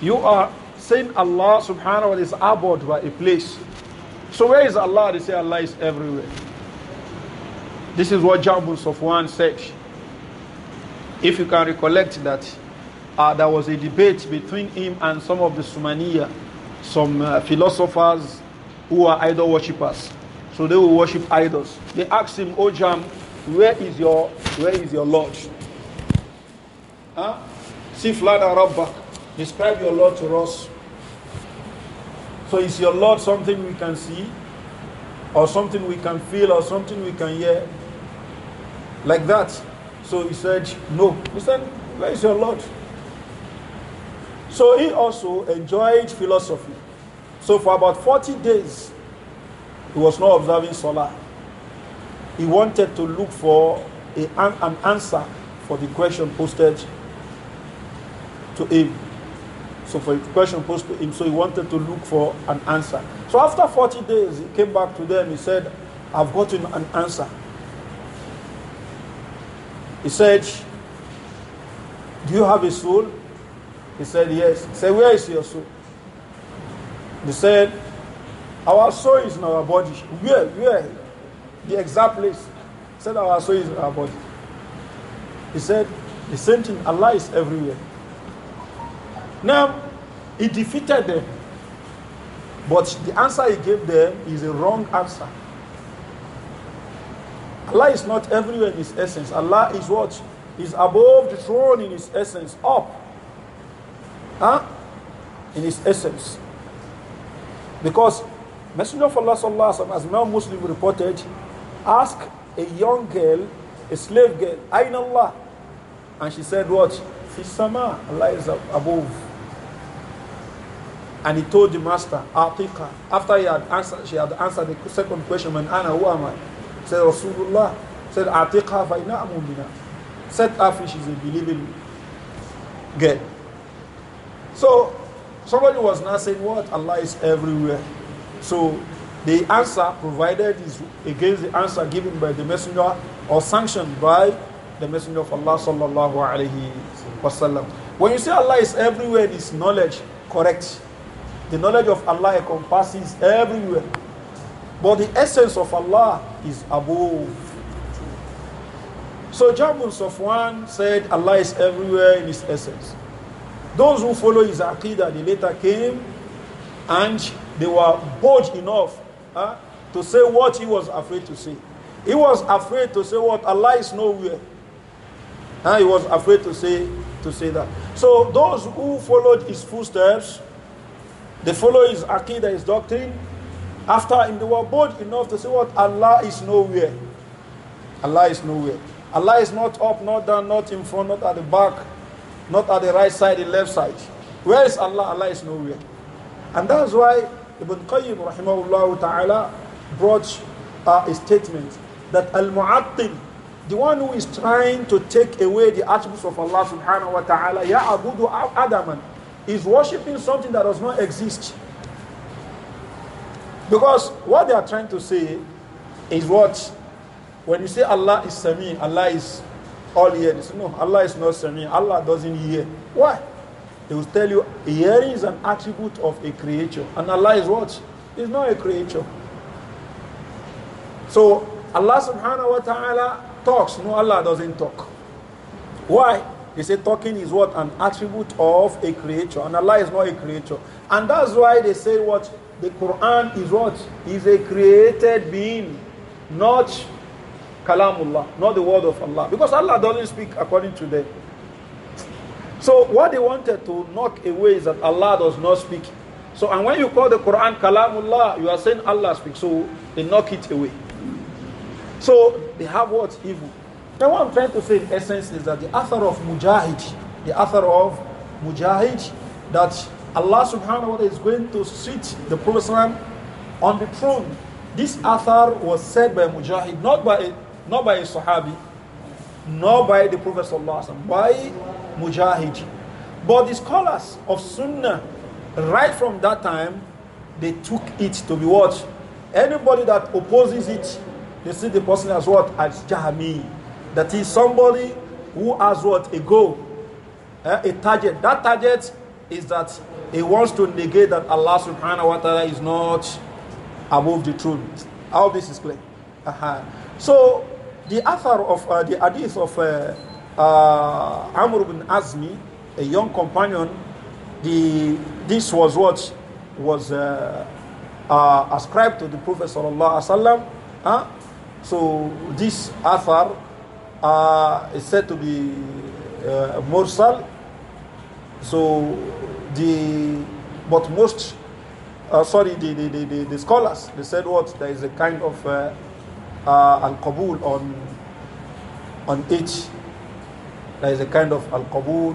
You are saying Allah subhanahu wa ta'ala is above by a place. So where is Allah? They say Allah is everywhere. This is what of one said. If you can recollect that uh, there was a debate between him and some of the Sumania, some uh, philosophers who are idol worshippers. So they will worship idols. They asked him, O Jam, where is your where is your Lord? Huh? Siflana back. describe your Lord to us. So is your Lord something we can see? Or something we can feel or something we can hear? Like that. So he said, No. He said, Where is your Lord? So he also enjoyed philosophy. So for about 40 days, he was not observing solar. He wanted to look for a, an answer for the question posted to him. So for a question posed to him, so he wanted to look for an answer. So after 40 days, he came back to them. He said, I've gotten an answer. He said, Do you have a soul? He said, Yes. He said, Where is your soul? He said, Our soul is in our body. Where? Where? The exact place. He said, Our soul is in our body. He said, The same thing, Allah is everywhere. Now, he defeated them. But the answer he gave them is a wrong answer. Allah is not everywhere in His essence. Allah is what? Is above the throne in His essence, up. Huh? In His essence. Because Messenger of Allah sallallahu alaihi wasallam, as now Muslim reported, asked a young girl, a slave girl, Ain Allah. And she said, What? Fisama, Allah is above. And he told the master, Atika. After he had answered, she had answered the second question, Man, Ana, who am I? Said Rasulullah, said Atiqha fa'ina amumina. Set her fish she's a believing girl. So somebody was now saying, What? Allah is everywhere. So the answer provided is against the answer given by the messenger or sanctioned by the messenger of Allah sallallahu alaihi wasallam. When you say Allah is everywhere, this knowledge correct. The knowledge of Allah encompasses everywhere. But the essence of Allah is above. So Jabul Safwan said Allah is everywhere in his essence. Those who follow his aqidah, they later came and they were bold enough huh, to say what he was afraid to say. He was afraid to say what Allah is nowhere. Huh, he was afraid to say to say that. So those who followed his footsteps, they follow his aqidah, his doctrine, after him, they were bold enough to say, What? Allah is nowhere. Allah is nowhere. Allah is not up, not down, not in front, not at the back, not at the right side, the left side. Where is Allah? Allah is nowhere. And that's why Ibn Qayyim rahimahullah ta'ala brought uh, a statement that Al-Mu'attil, the one who is trying to take away the attributes of Allah subhanahu wa ta'ala, Ya Abudu Adaman, is worshipping something that does not exist. Because what they are trying to say is what? When you say Allah is Sami, Allah is all hearing. No, Allah is not Sami. Allah doesn't hear. Why? They will tell you hearing is an attribute of a creature. And Allah is what? Is not a creature. So Allah subhanahu wa ta'ala talks. No, Allah doesn't talk. Why? They say talking is what? An attribute of a creature. And Allah is not a creature. And that's why they say what? The Quran is what? Is a created being, not kalamullah, not the word of Allah. Because Allah doesn't speak according to them. So what they wanted to knock away is that Allah does not speak. So and when you call the Quran kalamullah, you are saying Allah speaks. So they knock it away. So they have what? Evil. Now what I'm trying to say in essence is that the author of Mujahid, the author of Mujahid, that Allah subhanahu wa ta'ala is going to sit the Prophet on the throne. This athar was said by Mujahid, not by a, not by a Sahabi, nor by the Prophet sallallahu by Mujahid. But the scholars of Sunnah, right from that time, they took it to be what? Anybody that opposes it, they see the person as what? As Jahami. That is somebody who has what? A goal, eh, a target. That target is that he wants to negate that Allah subhanahu wa ta'ala is not above the throne. All this is clear. Uh-huh. So the author of uh, the hadith of uh, uh, Amr ibn Azmi, a young companion, the, this was what was uh, uh, ascribed to the Prophet sallallahu alaihi wasallam. Huh? So this author uh, is said to be mursal. So the, but most, uh, sorry, the, the, the, the, scholars, they said what? There is a kind of uh, uh, al kabul on, on each. There is a kind of al kabul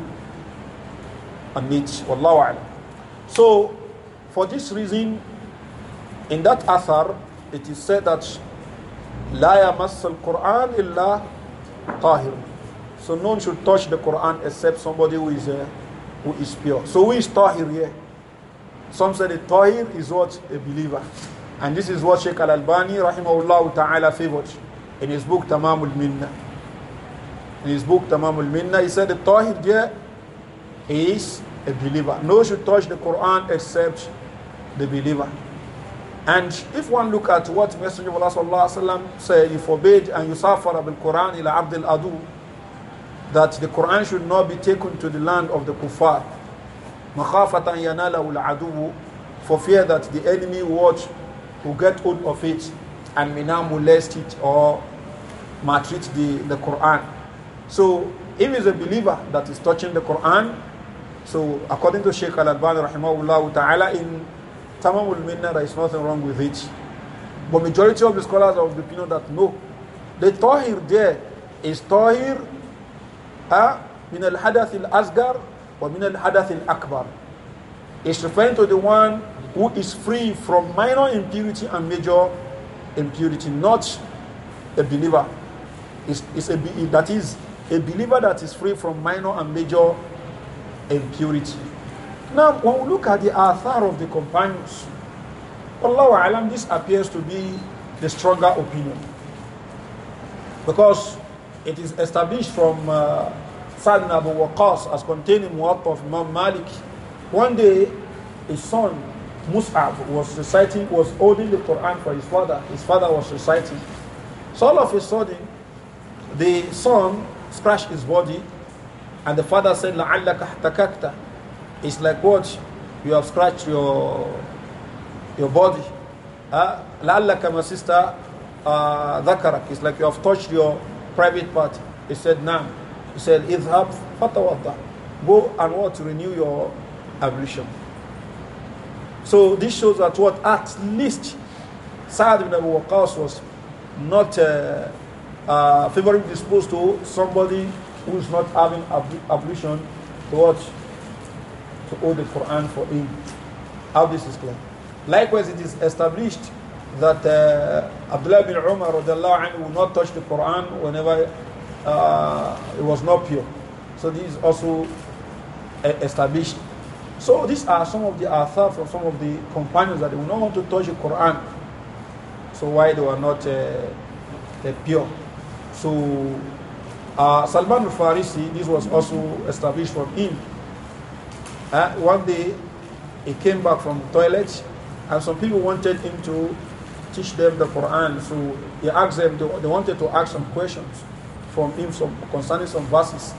on each. Wallahu a'lam. So, for this reason, in that athar, it is said that لا يمس القرآن إلا طاهر. So no one should touch the Quran except somebody who is a uh, who is pure. So who is Tahir here? Some say the Tahir is what? A believer. And this is what Sheikh Al-Albani rahimahullah ta'ala favored in his book Tamamul Minna. In his book Tamamul Minna, he said the Tahir here is a believer. No should touch the Quran except the believer. And if one look at what Messenger of Allah said, you forbade and you suffer the Quran ila abdul adu that the Quran should not be taken to the land of the kuffar. مَخَافَةً يَنَالَهُ الْعَدُوُّ For fear that the enemy watch will get hold of it and may now molest it or maltreat the, the Quran. So if it's a believer that is touching the Quran, so according to Sheikh Al-Albani rahimahullah ta'ala in Tamamul Minna there is nothing wrong with it. But majority of the scholars are of the opinion that no. The Tahir there is Tahir min al-hadath al-asghar wa min al-hadath akbar It's referring to the one who is free from minor impurity and major impurity, not a believer. It's, it's a, that is a believer that is free from minor and major impurity. Now, when we look at the author of the companions, Allah alam, this appears to be the stronger opinion because it is established from uh, Sa'd ibn Abu as contained in Muwatta of Imam Malik. One day, his son, Mus'ab, was reciting, was holding the Quran for his father. His father was reciting. So all of a sudden, the son scratched his body, and the father said, لَعَلَّكَ احْتَكَكْتَ It's like what? You have scratched your, your body. Uh, my sister uh, It's like you have touched your private part. He said, "No." He said, Idhab fatawata. Go and what? Renew your ablution. So this shows that what? At least Sa'ad ibn Abu Waqas was not uh, uh, favorably disposed to somebody who is not having ablution to watch, to hold the Quran for him. How this is clear. Likewise, it is established that uh, Abdullah bin Umar anhu, will not touch the Quran whenever uh, it was not pure. So this is also established. So these are some of the athar from some of the companions that they will not want to touch the Quran. So why they were not uh, uh, pure? So uh, Salman al-Farisi, this was also established from him. Uh, one day he came back from the toilet and some people wanted him to teach them the Quran. So he asked them, they wanted to ask some questions from him some, concerning some verses.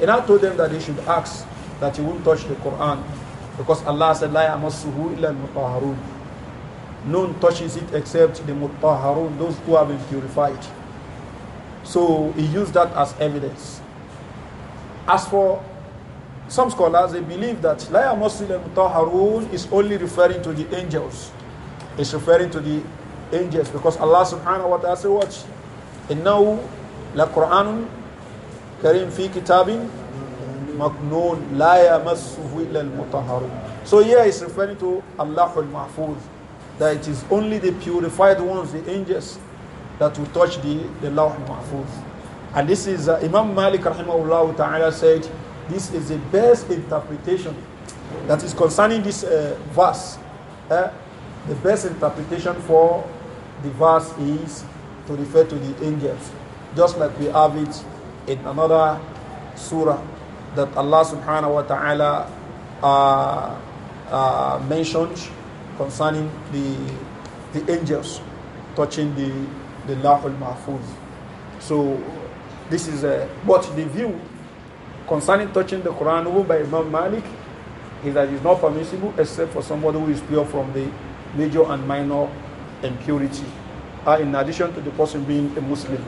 And I told them that they should ask that he won't touch the Quran because Allah said, La yamassuhu illa al-mutahharun. None touches it except the mutahharun, those who have been purified. So he used that as evidence. As for some scholars, they believe that La yamassuhu illa al-mutahharun is only referring to the angels. It's referring to the angels because Allah subhanahu wa ta'ala said, Watch. And now لقرآن كريم في كتاب مكنون لا يمسه إلا المطهرون So it's referring to Allah al-Mahfuz that it is only the purified ones, the angels, that will touch the, the Lawh al-Mahfuz. And this is uh, Imam Malik rahimahullah ta'ala said this is the best interpretation that is concerning this uh, verse. Uh, the best interpretation for the verse is to refer to the angels just like we have it in another surah that Allah subhanahu wa ta'ala uh, uh, mentioned concerning the, the angels touching the, the Lahul Mahfuz. So this is a, uh, but the view concerning touching the Quran even by Imam Malik is that it's not permissible except for somebody who is pure from the major and minor impurity, uh, in addition to the person being a Muslim.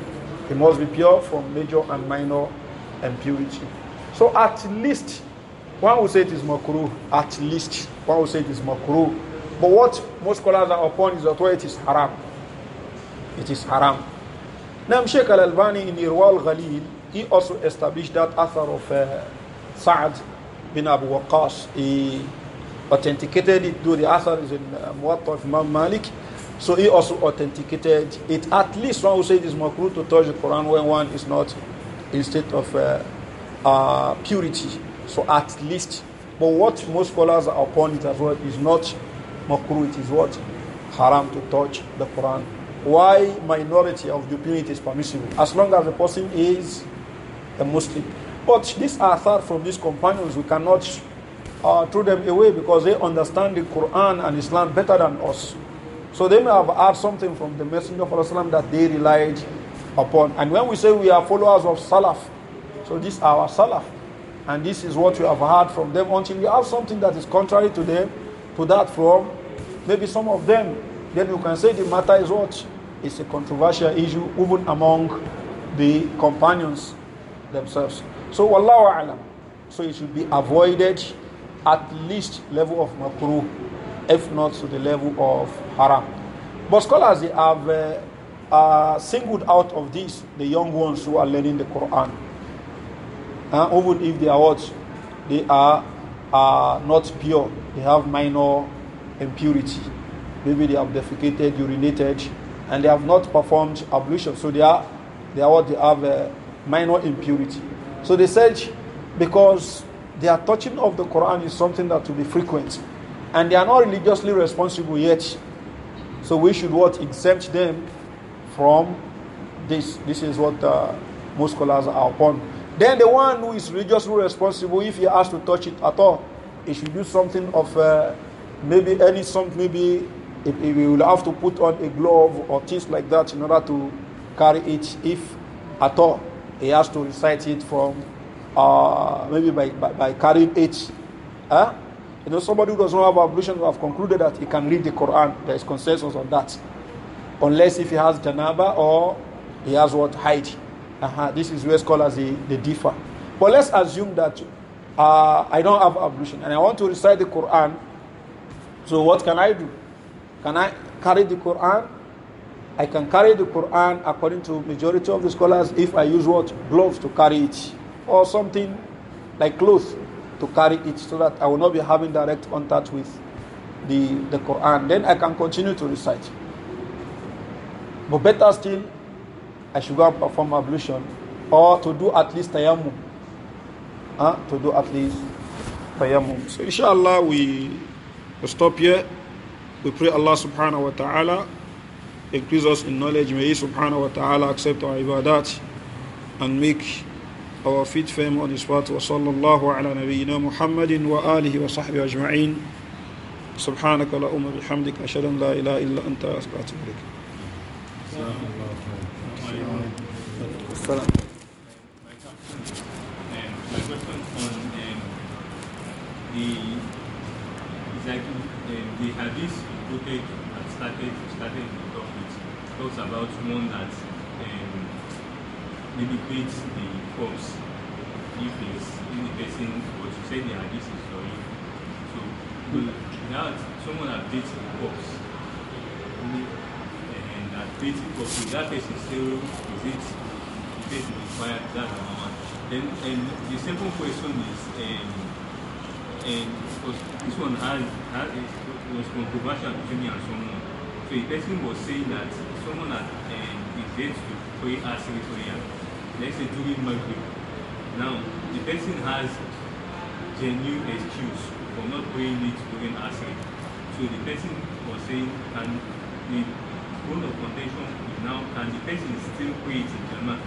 He must be pure from major and minor impurity. So at least, one would say it is makruh. At least, one would say it is makruh. But what most scholars are upon is that it is haram. It is haram. Now Sheikh Al-Albani in Irwal Ghalil, he also established that author of uh, Sa'ad bin Abu Waqas He authenticated it, though the author is in uh, Muwatta of Imam Malik. So he also authenticated it. At least one would say it is makruh to touch the Quran when one is not in state of uh, uh, purity. So at least, but what most scholars are upon it as well is not makruh. It is what haram to touch the Quran. Why minority of the opinion is permissible as long as the person is a Muslim. But these are thought from these companions. We cannot uh, throw them away because they understand the Quran and Islam better than us. So they may have heard something from the Messenger of Allah that they relied upon. And when we say we are followers of Salaf, so this our Salaf. And this is what we have heard from them until you have something that is contrary to them, to that from maybe some of them. Then you can say the matter is what? It's a controversial issue even among the companions themselves. So Wallahu A'lam. So it should be avoided at least level of makruh if not to the level of haram. But scholars they have uh, uh, singled out of this the young ones who are learning the Quran. Uh, even if they are what? They are uh, not pure, they have minor impurity. Maybe they have defecated, urinated, and they have not performed ablution. So they are, they are what? They have uh, minor impurity. So they said, because their touching of the Quran is something that will be frequent and they are not religiously responsible yet. So we should what exempt them from this. This is what uh, most scholars are upon. Then the one who is religiously responsible, if he has to touch it at all, he should do something of uh, maybe any something maybe he will have to put on a glove or things like that in order to carry it if at all he has to recite it from uh, maybe by, by, by carrying it huh? You know, somebody who does not have ablution will have concluded that he can read the Quran. There is consensus on that. Unless if he has janaba or he has what? Hide. Uh-huh. This is where scholars they, they differ. But let's assume that uh, I don't have ablution and I want to recite the Quran. So what can I do? Can I carry the Quran? I can carry the Quran according to majority of the scholars if I use what? Gloves to carry it. Or something like clothes to carry it so that I will not be having direct contact with the, the Quran. Then I can continue to recite. But better still, I should go and perform ablution or to do at least tayammum. Huh? To do at least tayammum. So inshallah we stop here. We pray Allah subhanahu wa ta'ala increase us in knowledge. May He subhanahu wa ta'ala accept our ibadat and make أوفيت فيم وأنسوات وصلى الله على نبينا محمد وآله وصحبه أجمعين سبحانك لا أم بحمدك أشهد أن لا إله إلا أنت أستغفرك الله السلام The, exactly, um, the hadith quoted, started, started the talk, talks about one that mimics the forms if it's indicating what you say the this is your if. So now, someone updates the forms and updates the forms, so that person still is it it is required that one. Then and the second question is um, and this one has, has was controversial between me and someone. So the person was saying that someone had um, is dead to pray as a prayer let's say doing Maghrib. Now, the person has genuine excuse for not praying it during asking. So the person was saying, can the point of contention now, can the person still pray it in Jama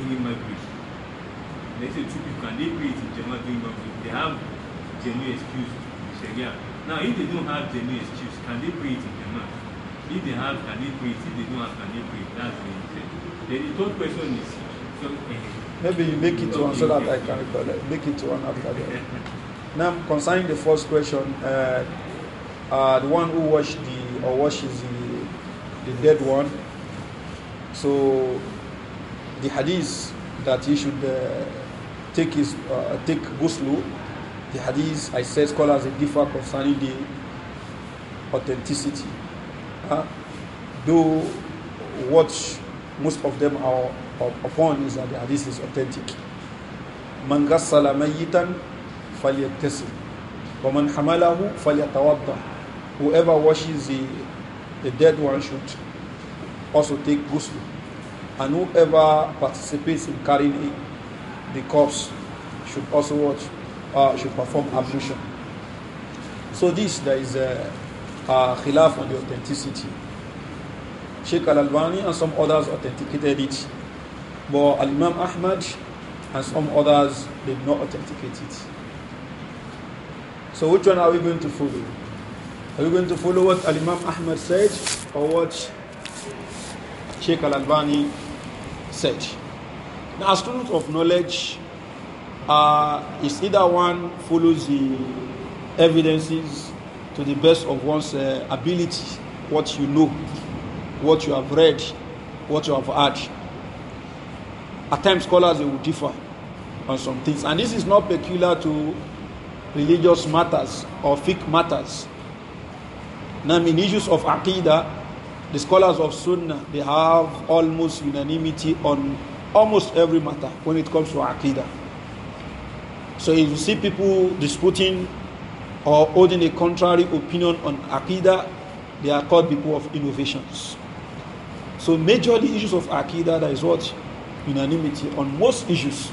doing Maghrib? Let's say two people, can they pray it in Jama doing Maghrib? They have genuine excuse, say, yeah. Now, if they don't have genuine excuse, can they pray it in Jama? If they have, can they pray it? If they don't have, can they pray it? That's the intent. Then the third question is, Maybe you make it one so that I can recollect. Make it one after that. Now, concerning the first question, uh, uh, the one who washed the or washes the, the dead one. So, the hadith that he should uh, take his uh, take ghusl. The hadith I said scholars differ concerning the authenticity. Huh? Though what most of them are upon is that uh, the hadith is authentic. Man ghassala mayyitan falyattasil. Wa man hamalahu falyatawadda. Whoever washes the, the dead one should also take ghusl. And whoever participates in carrying the corpse should also watch, uh, should perform ablution. So this, there is a, a khilaf on the authenticity. Sheikh Al-Albani and some others authenticated it but Imam Ahmad and some others did not authenticate it. So which one are we going to follow? Are we going to follow what Al Imam Ahmad said or what Sheikh Al Albani said? Now, as of knowledge, uh, is either one follows the evidences to the best of one's uh, ability, what you know, what you have read, what you have heard. At times, scholars will differ on some things. And this is not peculiar to religious matters or fiqh matters. Now, in issues of aqidah, the scholars of Sunnah, they have almost unanimity on almost every matter when it comes to aqidah. So if you see people disputing or holding a contrary opinion on Aqidah, they are called people of innovations. So majorly issues of Aqidah, that is what unanimity on most issues.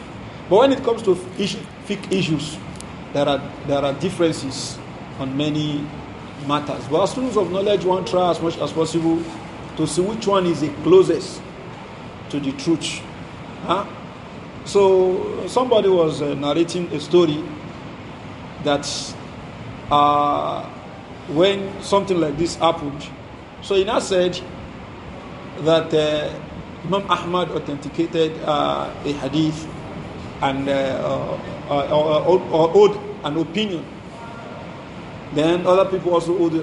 But when it comes to fake issues, there are, there are differences on many matters. But our students of knowledge want to try as much as possible to see which one is the closest to the truth. Huh? So somebody was uh, narrating a story that uh, when something like this happened, so he now said that uh, Imam Ahmad authenticated uh, a hadith and uh, uh, uh owed an opinion. Then other people also owed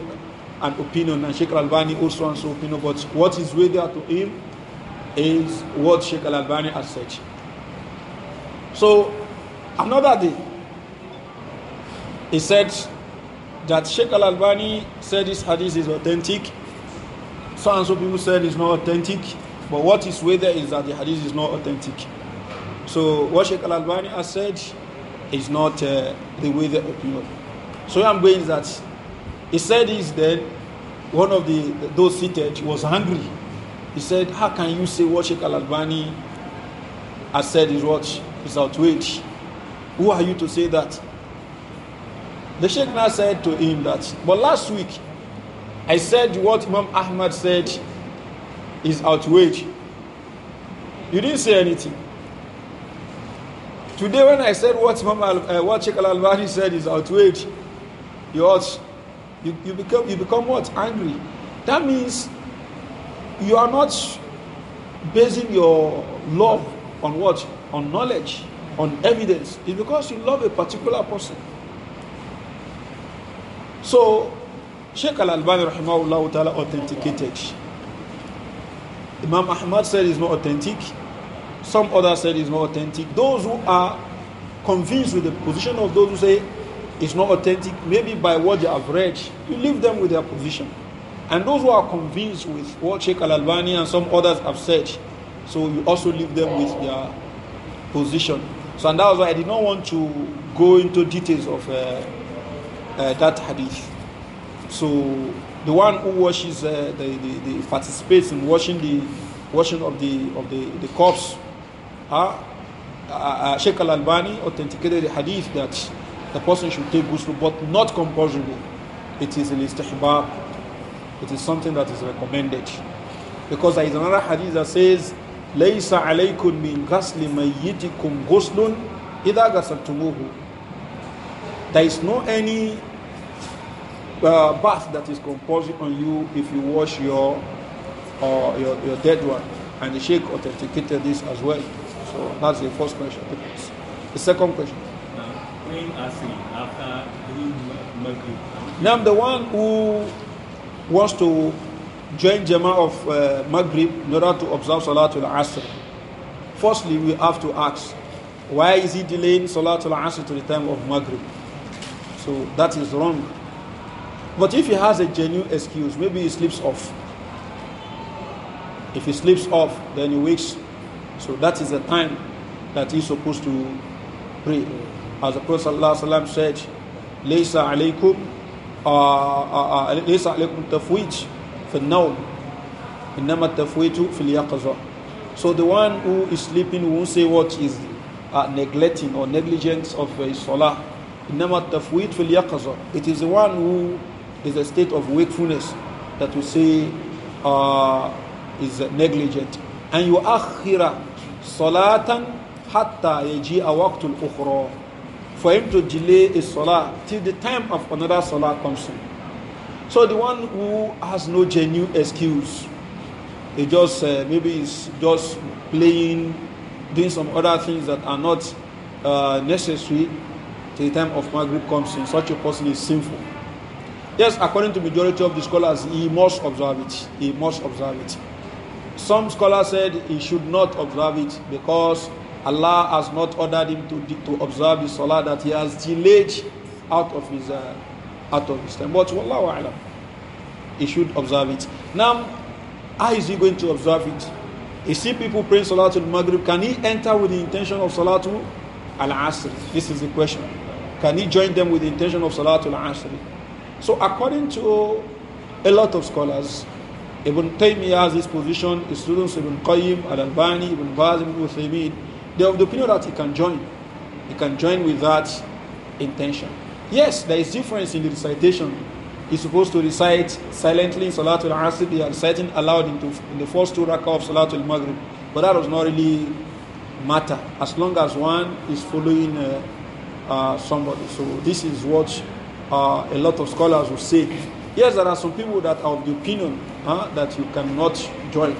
an opinion, and Sheikh Al-Albani also owns an opinion. But what is way to him is what Sheikh Al-Albani has said. So another day, he said that Sheikh Al-Albani said this hadith is authentic. So and so people said it's not authentic. But what is with is that the hadith is not authentic. So what Sheikh Al Albani has said is not uh, the way the opinion. So I'm going is that he said is that one of the those seated was hungry. He said, "How can you say what Sheikh Al Albani has said is what is outrage? Who are you to say that?" The Sheikh now said to him that, "But last week I said what Imam Ahmad said is outweighed. You didn't say anything. Today, when I said what, Mama, uh, what Sheikh Al Albani said is outweighed, you, ought, you, you, become, you become what? Angry. That means you are not basing your love on what? On knowledge, on evidence. It's because you love a particular person. So, Sheikh Al Albani rahimahullah ta'ala authenticated Imam Ahmad said is more authentic. Some others said it's not authentic. Those who are convinced with the position of those who say it's not authentic, maybe by what they have read, you leave them with their position. And those who are convinced with what Sheikh Al Albani and some others have said, so you also leave them with their position. So, and that was why I did not want to go into details of uh, uh, that hadith. So, the one who washes uh, the, the, the, participates in washing the washing of the of the, the corpse. Huh? Uh, uh Sheikh Al Albani authenticated the hadith that the person should take ghusl, but not compulsory. It is an istihbab. It is something that is recommended, because there is another hadith that says, alaykum min من غسل ميتكم غسل إذا غسلتموه." There is no any uh, bath that is composed on you if you wash your, uh, your, your dead one. And the Sheikh authenticated this as well. So that's the first question. The second question. Praying the one who wants to join Jama of uh, Maghrib in order to observe Salatul Asr. Firstly, we have to ask, why is he delaying Salatul Asr to the time of Maghrib? So that is wrong. But if he has a genuine excuse, maybe he sleeps off. If he sleeps off, then he wakes. So that is the time that he's supposed to pray. As the Prophet ﷺ said, لَيْسَ عَلَيْكُمْ laysa عَلَيْكُمْ تَفْوِيج فِي النَّوْمِ إِنَّمَا التَّفْوِيجُ فِي الْيَقَظَةِ So the one who is sleeping won't say what is uh, neglecting or negligence of his salah. إِنَّمَا التَّفْوِيج فِي الْيَقَظَةِ It is the one who is a state of wakefulness that we say uh, is negligent. And you akhira salatan hatta yaji'a waqtul ukhra. For him to delay a salah till the time of another salah comes in. So the one who has no genuine excuse, he just uh, maybe is just playing, doing some other things that are not uh, necessary till the time of Maghrib comes in. Such a person is sinful. Yes, according to majority of the scholars, he must observe it. He must observe it. Some scholars said he should not observe it because Allah has not ordered him to, to observe the salah that he has delayed out of his uh, out of his time. But wallahu alam, he should observe it. Now, how is he going to observe it? He see people praying salah the Maghrib. Can he enter with the intention of salah to Al Asr? This is the question. Can he join them with the intention of salah to al Asr? So according to a lot of scholars, Ibn he has this position, his students Ibn Qayyim, Al-Albani, Ibn Baz, Ibn Uthaymeen, they have the opinion that he can join. He can join with that intention. Yes, there is difference in the recitation. He's supposed to recite silently in Salatul Asr, they are reciting aloud into, in the first two rakah of Salatul Maghrib. But that does not really matter as long as one is following uh, uh, somebody. So this is what uh, a lot of scholars will say, yes, there are some people that are of the opinion huh, that you cannot join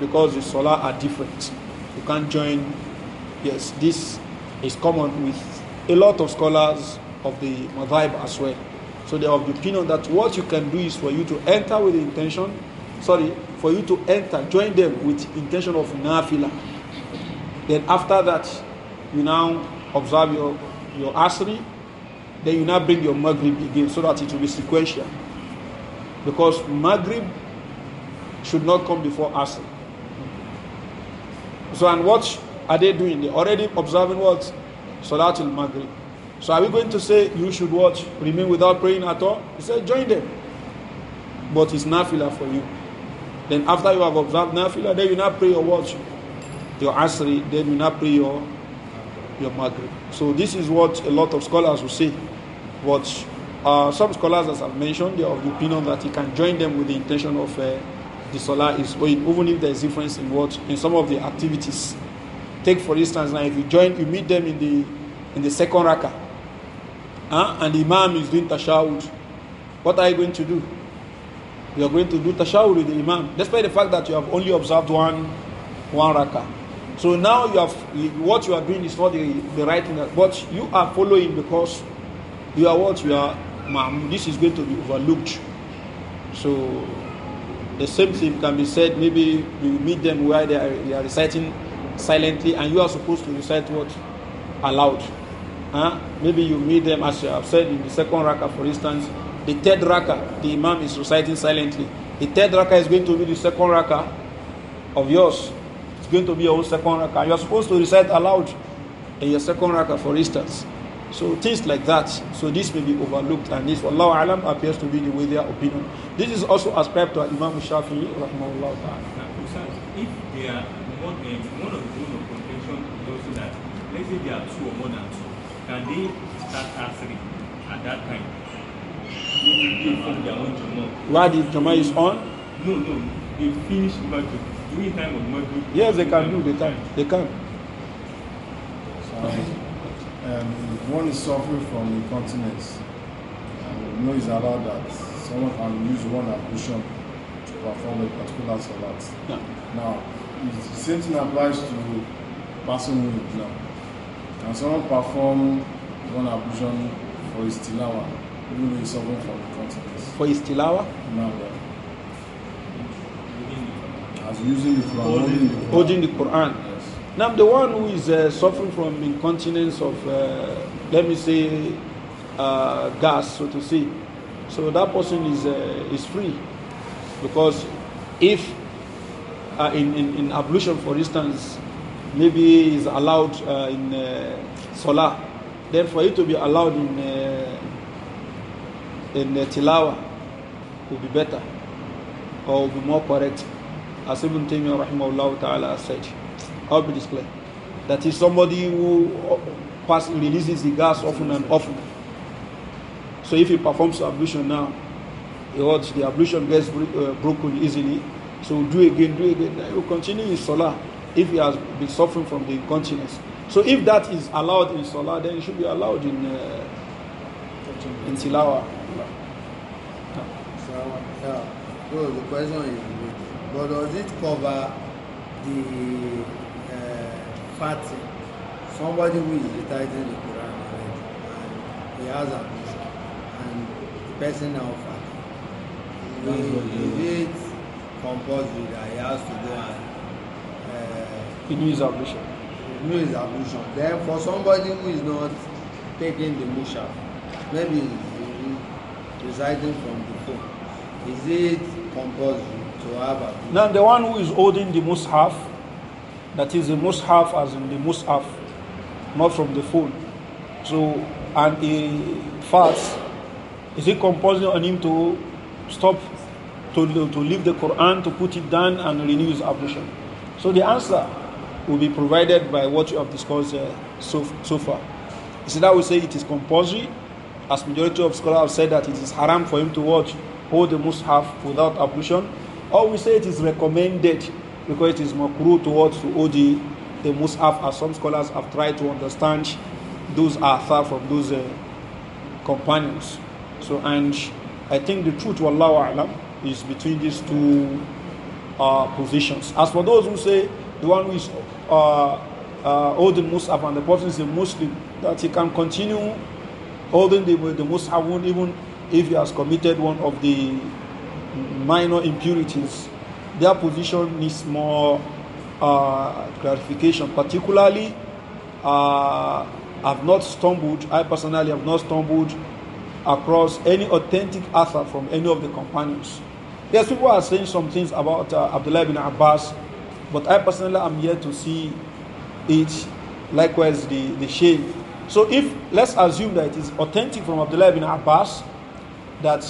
because the solar are different. You can't join. Yes, this is common with a lot of scholars of the Madhaib as well. So they are of the opinion that what you can do is for you to enter with the intention, sorry, for you to enter, join them with intention of nafila. Then after that, you now observe your, your asri then you now bring your Maghrib again so that it will be sequential. Because Maghrib should not come before Asr. So, and what are they doing? They're already observing what? Salatul Maghrib. So, are we going to say you should watch, remain without praying at all? He said, join them. But it's nafila for you. Then, after you have observed nafila, then you now pray your watch, your Asri, then you now pray your, your Maghrib. So, this is what a lot of scholars will say. But uh, some scholars, as I've mentioned, they are of the opinion that you can join them with the intention of uh, the solar is even if there is difference in what in some of the activities. Take for instance, now if you join, you meet them in the in the second raka, and the imam is doing tashahud. What are you going to do? You are going to do tashahud with the imam, despite the fact that you have only observed one one raka. So now you have what you are doing is not the, the right thing, but you are following because you are what you are, ma'am, this is going to be overlooked. So the same thing can be said, maybe you meet them where they are, they are reciting silently and you are supposed to recite what? Aloud. Huh? Maybe you meet them, as you have said in the second raka, for instance, the third raka, the imam is reciting silently. The third raka is going to be the second raka of yours. It's going to be your own second raka. You are supposed to recite aloud in your second raka, for instance. So things like that. So this may be overlooked, and this, Allah alam, appears to be the way their opinion. This is also aspect to Imam Shafi'i, If they are more than one of the rules of contention is also that, let's say there are two or more than two, can they start asking at that time? They the Jama'ah is on? No, no, they finish Maghrib. During time of Maghrib. Yes, they can do, they can, they can. um, one is suffering from incontinence, and we know it's allowed that someone can use one ablution to perform a particular salat. Yeah. Now, the same thing applies to passing with now. Can someone perform one ablution for his tilawa, even though he's suffering from incontinence? For his tilawa? No, yeah. As using the Quran. Holding the Quran. Holding the Quran. Now, the one who is uh, suffering from incontinence of, uh, let me say, uh, gas, so to say, so that person is, uh, is free. Because if uh, in, in, in, ablution, for instance, maybe is allowed uh, in uh, then for it to be allowed in, in tilawa would be better or would be more correct, as Ibn Taymiyyah rahimahullah ta'ala said. I'll be displayed. That is somebody who uh, pass, releases the gas often and often. So if he performs ablution now, he wants the ablution gets uh, broken easily. So do again, do again. He will continue his salah if he has been suffering from the incontinence. So if that is allowed in salah, then it should be allowed in uh, in tilawa. So, yeah. so the question is, but does it cover the farting. Somebody who is reciting the Quran and he has a issue and the person now farting. Is it compulsory that he has to go and uh, renew his ablution? Renew his ablution. Then for somebody who is not taking the musha, maybe he's reciting from the phone. Is it compulsory to have a? Now the one who is holding the mushaf That is the mushaf as in the mushaf, not from the phone. So, and he fast Is it compulsory on him to stop, to, to leave the Quran, to put it down and renew his ablution? So the answer will be provided by what you have discussed uh, so, so far. So that we say it is compulsory, as majority of scholars have said that it is haram for him to watch hold the mushaf without ablution, or we say it is recommended because it is cruel towards to hold the, the as some scholars have tried to understand those are far from those uh, companions. So, and I think the truth, wallahu alam, is between these two uh, positions. As for those who say the one who is uh, uh, holding and the person is a Muslim, that he can continue holding the, the Musaf even if he has committed one of the minor impurities their position needs more uh, clarification, particularly uh, I've not stumbled, I personally have not stumbled across any authentic author from any of the companions. Yes, people are saying some things about uh, Abdullah bin Abbas, but I personally am yet to see it. Likewise, the, the shave. So, if let's assume that it is authentic from Abdullah bin Abbas that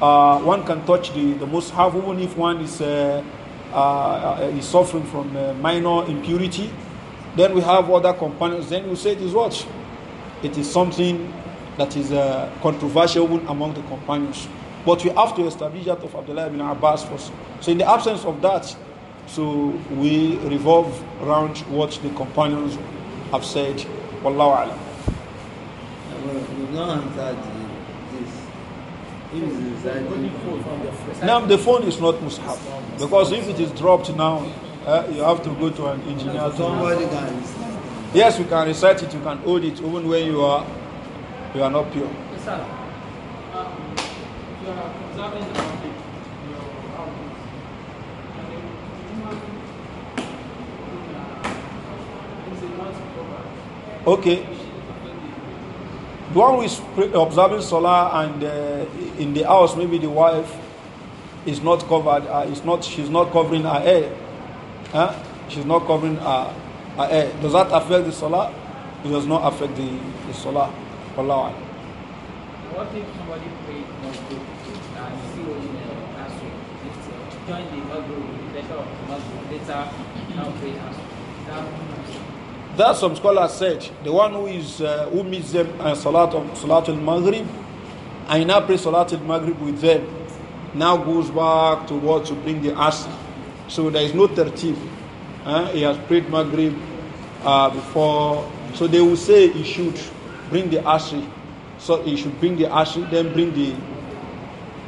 uh, one can touch the, the Have even if one is, uh, uh, uh is suffering from uh, minor impurity. Then we have other companions. Then we say it is what? It is something that is uh, controversial even among the companions. But we have to establish that of Abdullah ibn Abbas first. So in the absence of that, so we revolve around what the companions have said. Wallahu alam. Well, now the phone is not have because if it is dropped now, uh, you have to go to an engineer. yes, you can recite it. You can hold it even when you are you are not pure. Um, uh, okay. The one who is observing solar and uh, in the house, maybe the wife is not covered, uh, is not, she's not covering her hair. Huh? She's not covering her, her hair. Does that affect the solar? It does not affect the, the solar Allah. What if somebody prayed and see in last join the Maghrib, later of the later now pray that some scholars said, the one who is uh, who meets them and Salat al Maghrib, and now pray al Maghrib with them, now goes back to what to bring the Asr. So there is no tertib. Uh, he has prayed Maghrib uh, before. So they will say he should bring the Asr. So he should bring the Asr, then bring the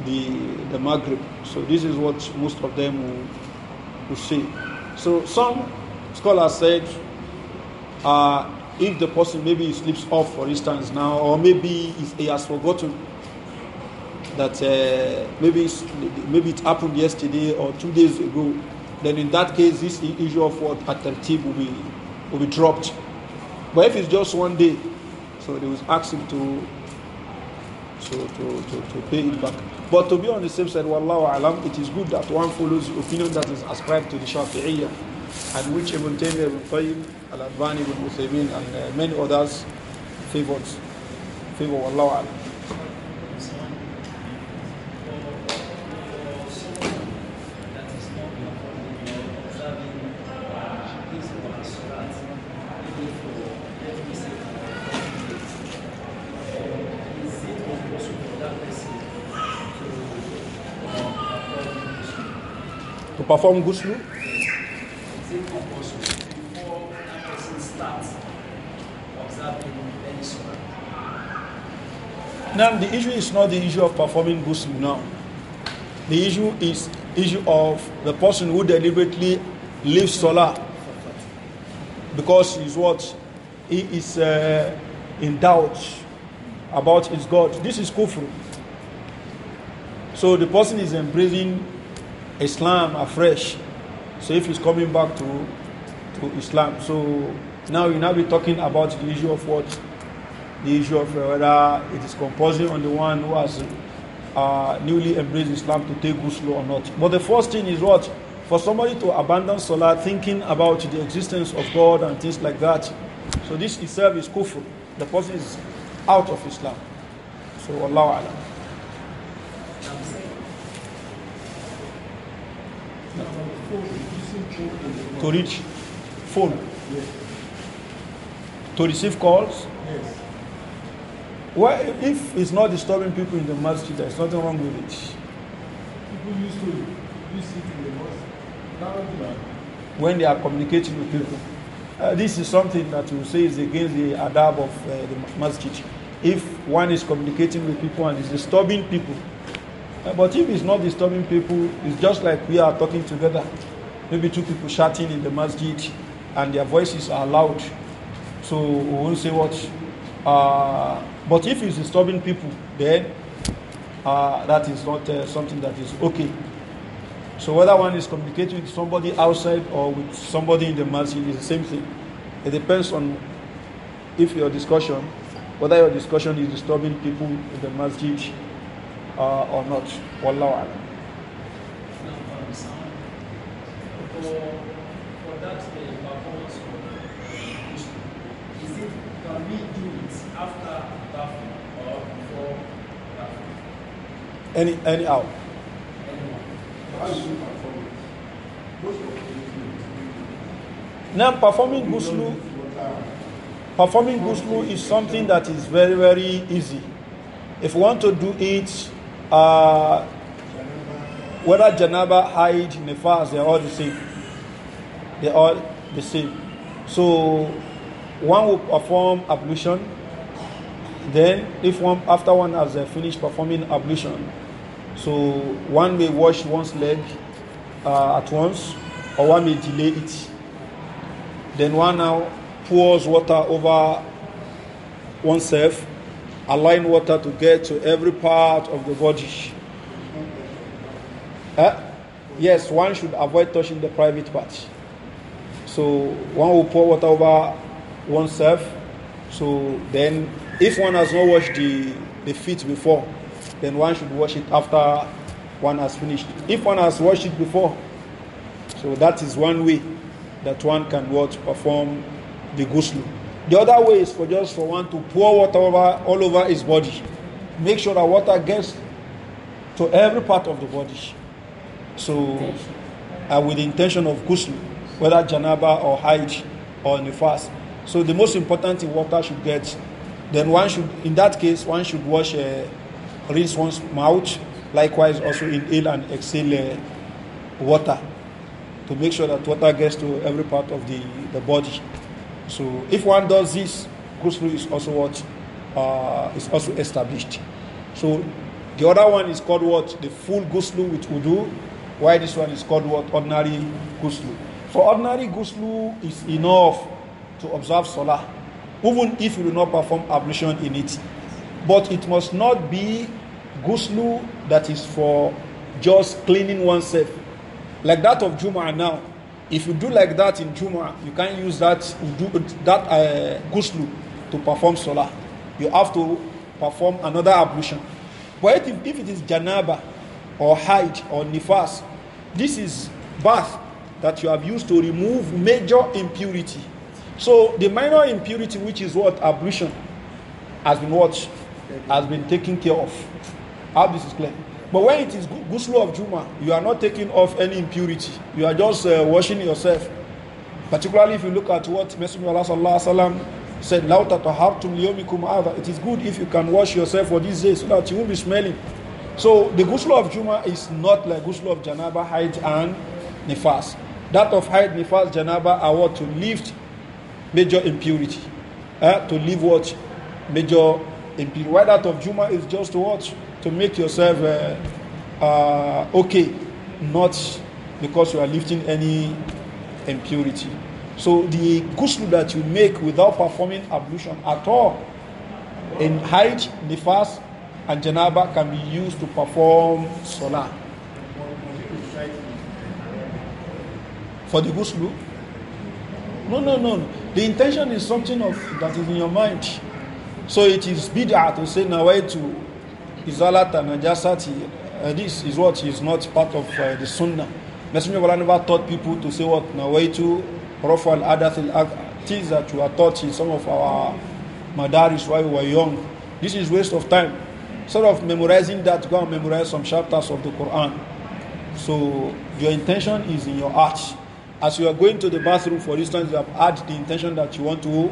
the the Maghrib. So this is what most of them will, will say. So some scholars said uh, if the person maybe sleeps off, for instance, now, or maybe if he has forgotten that uh, maybe maybe it happened yesterday or two days ago, then in that case, this issue of what attractive will be will be dropped. But if it's just one day, so they will ask him to to, to, to, to pay it back. But to be on the same side, wallahu alam, it is good that one follows the opinion that is ascribed to the Shafi'iyah and which Ibn Taymiyyah, Ibn Tayyib, Al Albani, Ibn Uthaymeen, and uh, many others favored. Favor Allah. To perform ghusl? Now, the issue is not the issue of performing ghusl now. The issue is issue of the person who deliberately leaves Salah because he's what? He is uh, in doubt about his God. This is kufr. So the person is embracing Islam afresh. So if he's coming back to, to Islam, so now we now be talking about the issue of what? the issue of uh, whether it is compulsory on the one who has uh, newly embraced Islam to take ghusl or not. But the first thing is what? For somebody to abandon Salah thinking about the existence of God and things like that. So this itself is kufr. The person is out of Islam. So Allah Alam. To reach phone. Yes. To receive calls. Yes if it's not disturbing people in the masjid, there's nothing wrong with it. People used to use it in the mosque. When they are communicating with people. Uh, this is something that you say is against the adab of uh, the masjid. If one is communicating with people and is disturbing people, uh, but if it's not disturbing people, it's just like we are talking together. Maybe two people shouting in the masjid and their voices are loud. So we won't say what. Uh, but if it's disturbing people, then uh, that is not uh, something that is okay. So whether one is communicating with somebody outside or with somebody in the masjid is the same thing. It depends on if your discussion, whether your discussion is disturbing people in the masjid uh, or not. Wallahu alam. Any anyhow. Now performing ghusl performing ghusl is something that is very very easy. If you want to do it, uh, whether janaba, hide, nifas, they're all the same. They're all the same. So one will perform ablution. Then, if one after one has uh, finished performing ablution, so one may wash one's leg uh, at once, or one may delay it. Then one now pours water over oneself, allowing water to get to every part of the body. Uh, yes, one should avoid touching the private part. So one will pour water over oneself. So then, if one has not washed the, the feet before, then one should wash it after one has finished. If one has washed it before, so that is one way that one can what perform the ghusl. The other way is for just for one to pour water over, all over his body. Make sure that water gets to every part of the body. So, uh, with the intention of ghusl, whether janaba or hajj or nifas. So the most important thing water should get. Then one should, in that case, one should wash uh, rinse one's mouth, likewise also inhale and exhale uh, water to make sure that water gets to every part of the, the body. So if one does this, ghusl is also what uh, is also established. So the other one is called what? The full ghusl with do. why this one is called what? Ordinary ghusl. So ordinary ghusl is enough to observe solar, even if you do not perform ablution in it but it must not be ghusl that is for just cleaning oneself. Like that of Jumu'ah now. If you do like that in Jumu'ah, you can't use that, that uh, ghusl to perform salah. You have to perform another ablution. But if, if it is janaba or hajj or nifas, this is bath that you have used to remove major impurity. So the minor impurity, which is what ablution, has been washed has been taken care of. How this is clear. But when it is Ghusl of Juma, you are not taking off any impurity. You are just uh, washing yourself. Particularly if you look at what Messenger of Allah said, لَوْ تَطَهَرْتُمْ It is good if you can wash yourself for this day so that you won't be smelling. So the Ghusl of Juma is not like Ghusl of Janaba, Hajj, and Nifas. That of Hajj, Nifas, Janaba are what? To lift major impurity. Uh, to leave what? Major Impurity right out of Juma is just to watch, to make yourself uh, uh, okay, not because you are lifting any impurity. So the ghusl that you make without performing ablution at all in Hajj, Nifas, and Janaba can be used to perform Salah. For the ghusl? No, no, no. The intention is something of, that is in your mind. So it is bid'ah to say nawaitu and najasati. Uh, this is what is not part of uh, the sunnah. Messenger of Allah never taught people to say what nawaitu rafal other things that you are taught in some of our madaris while we were young. This is waste of time. Sort of memorizing that, go and memorize some chapters of the Quran. So your intention is in your heart. As you are going to the bathroom, for instance, you have had the intention that you want to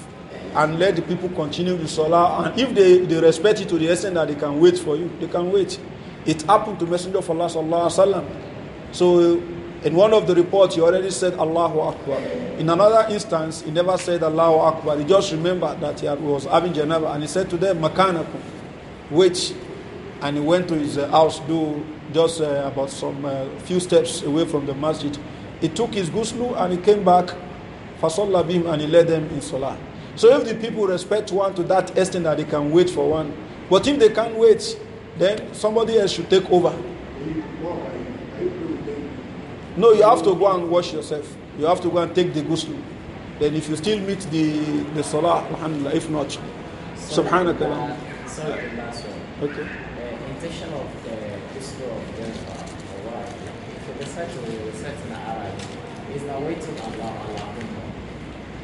and let the people continue with Salah. And if they, they respect it to the extent that they can wait for you, they can wait. It happened to Messenger of Allah Sallallahu So in one of the reports, he already said Allahu Akbar. In another instance, he never said Allahu Akbar. He just remembered that he was having janaba and he said to them, Makanakum, wait. And he went to his uh, house, do just uh, about some uh, few steps away from the masjid. He took his ghusl and he came back, fasallah bim, and he led them in salah. So if the people respect one to that extent that they can wait for one, but if they can't wait, then somebody else should take over. No, you have to go and wash yourself. You have to go and take the ghusl. Then if you still meet the, the salah, alhamdulillah, if not, so subhanakallah. Sorry, Okay. The uh, intention of the ghusl of the Arab is now waiting Allah, Allah.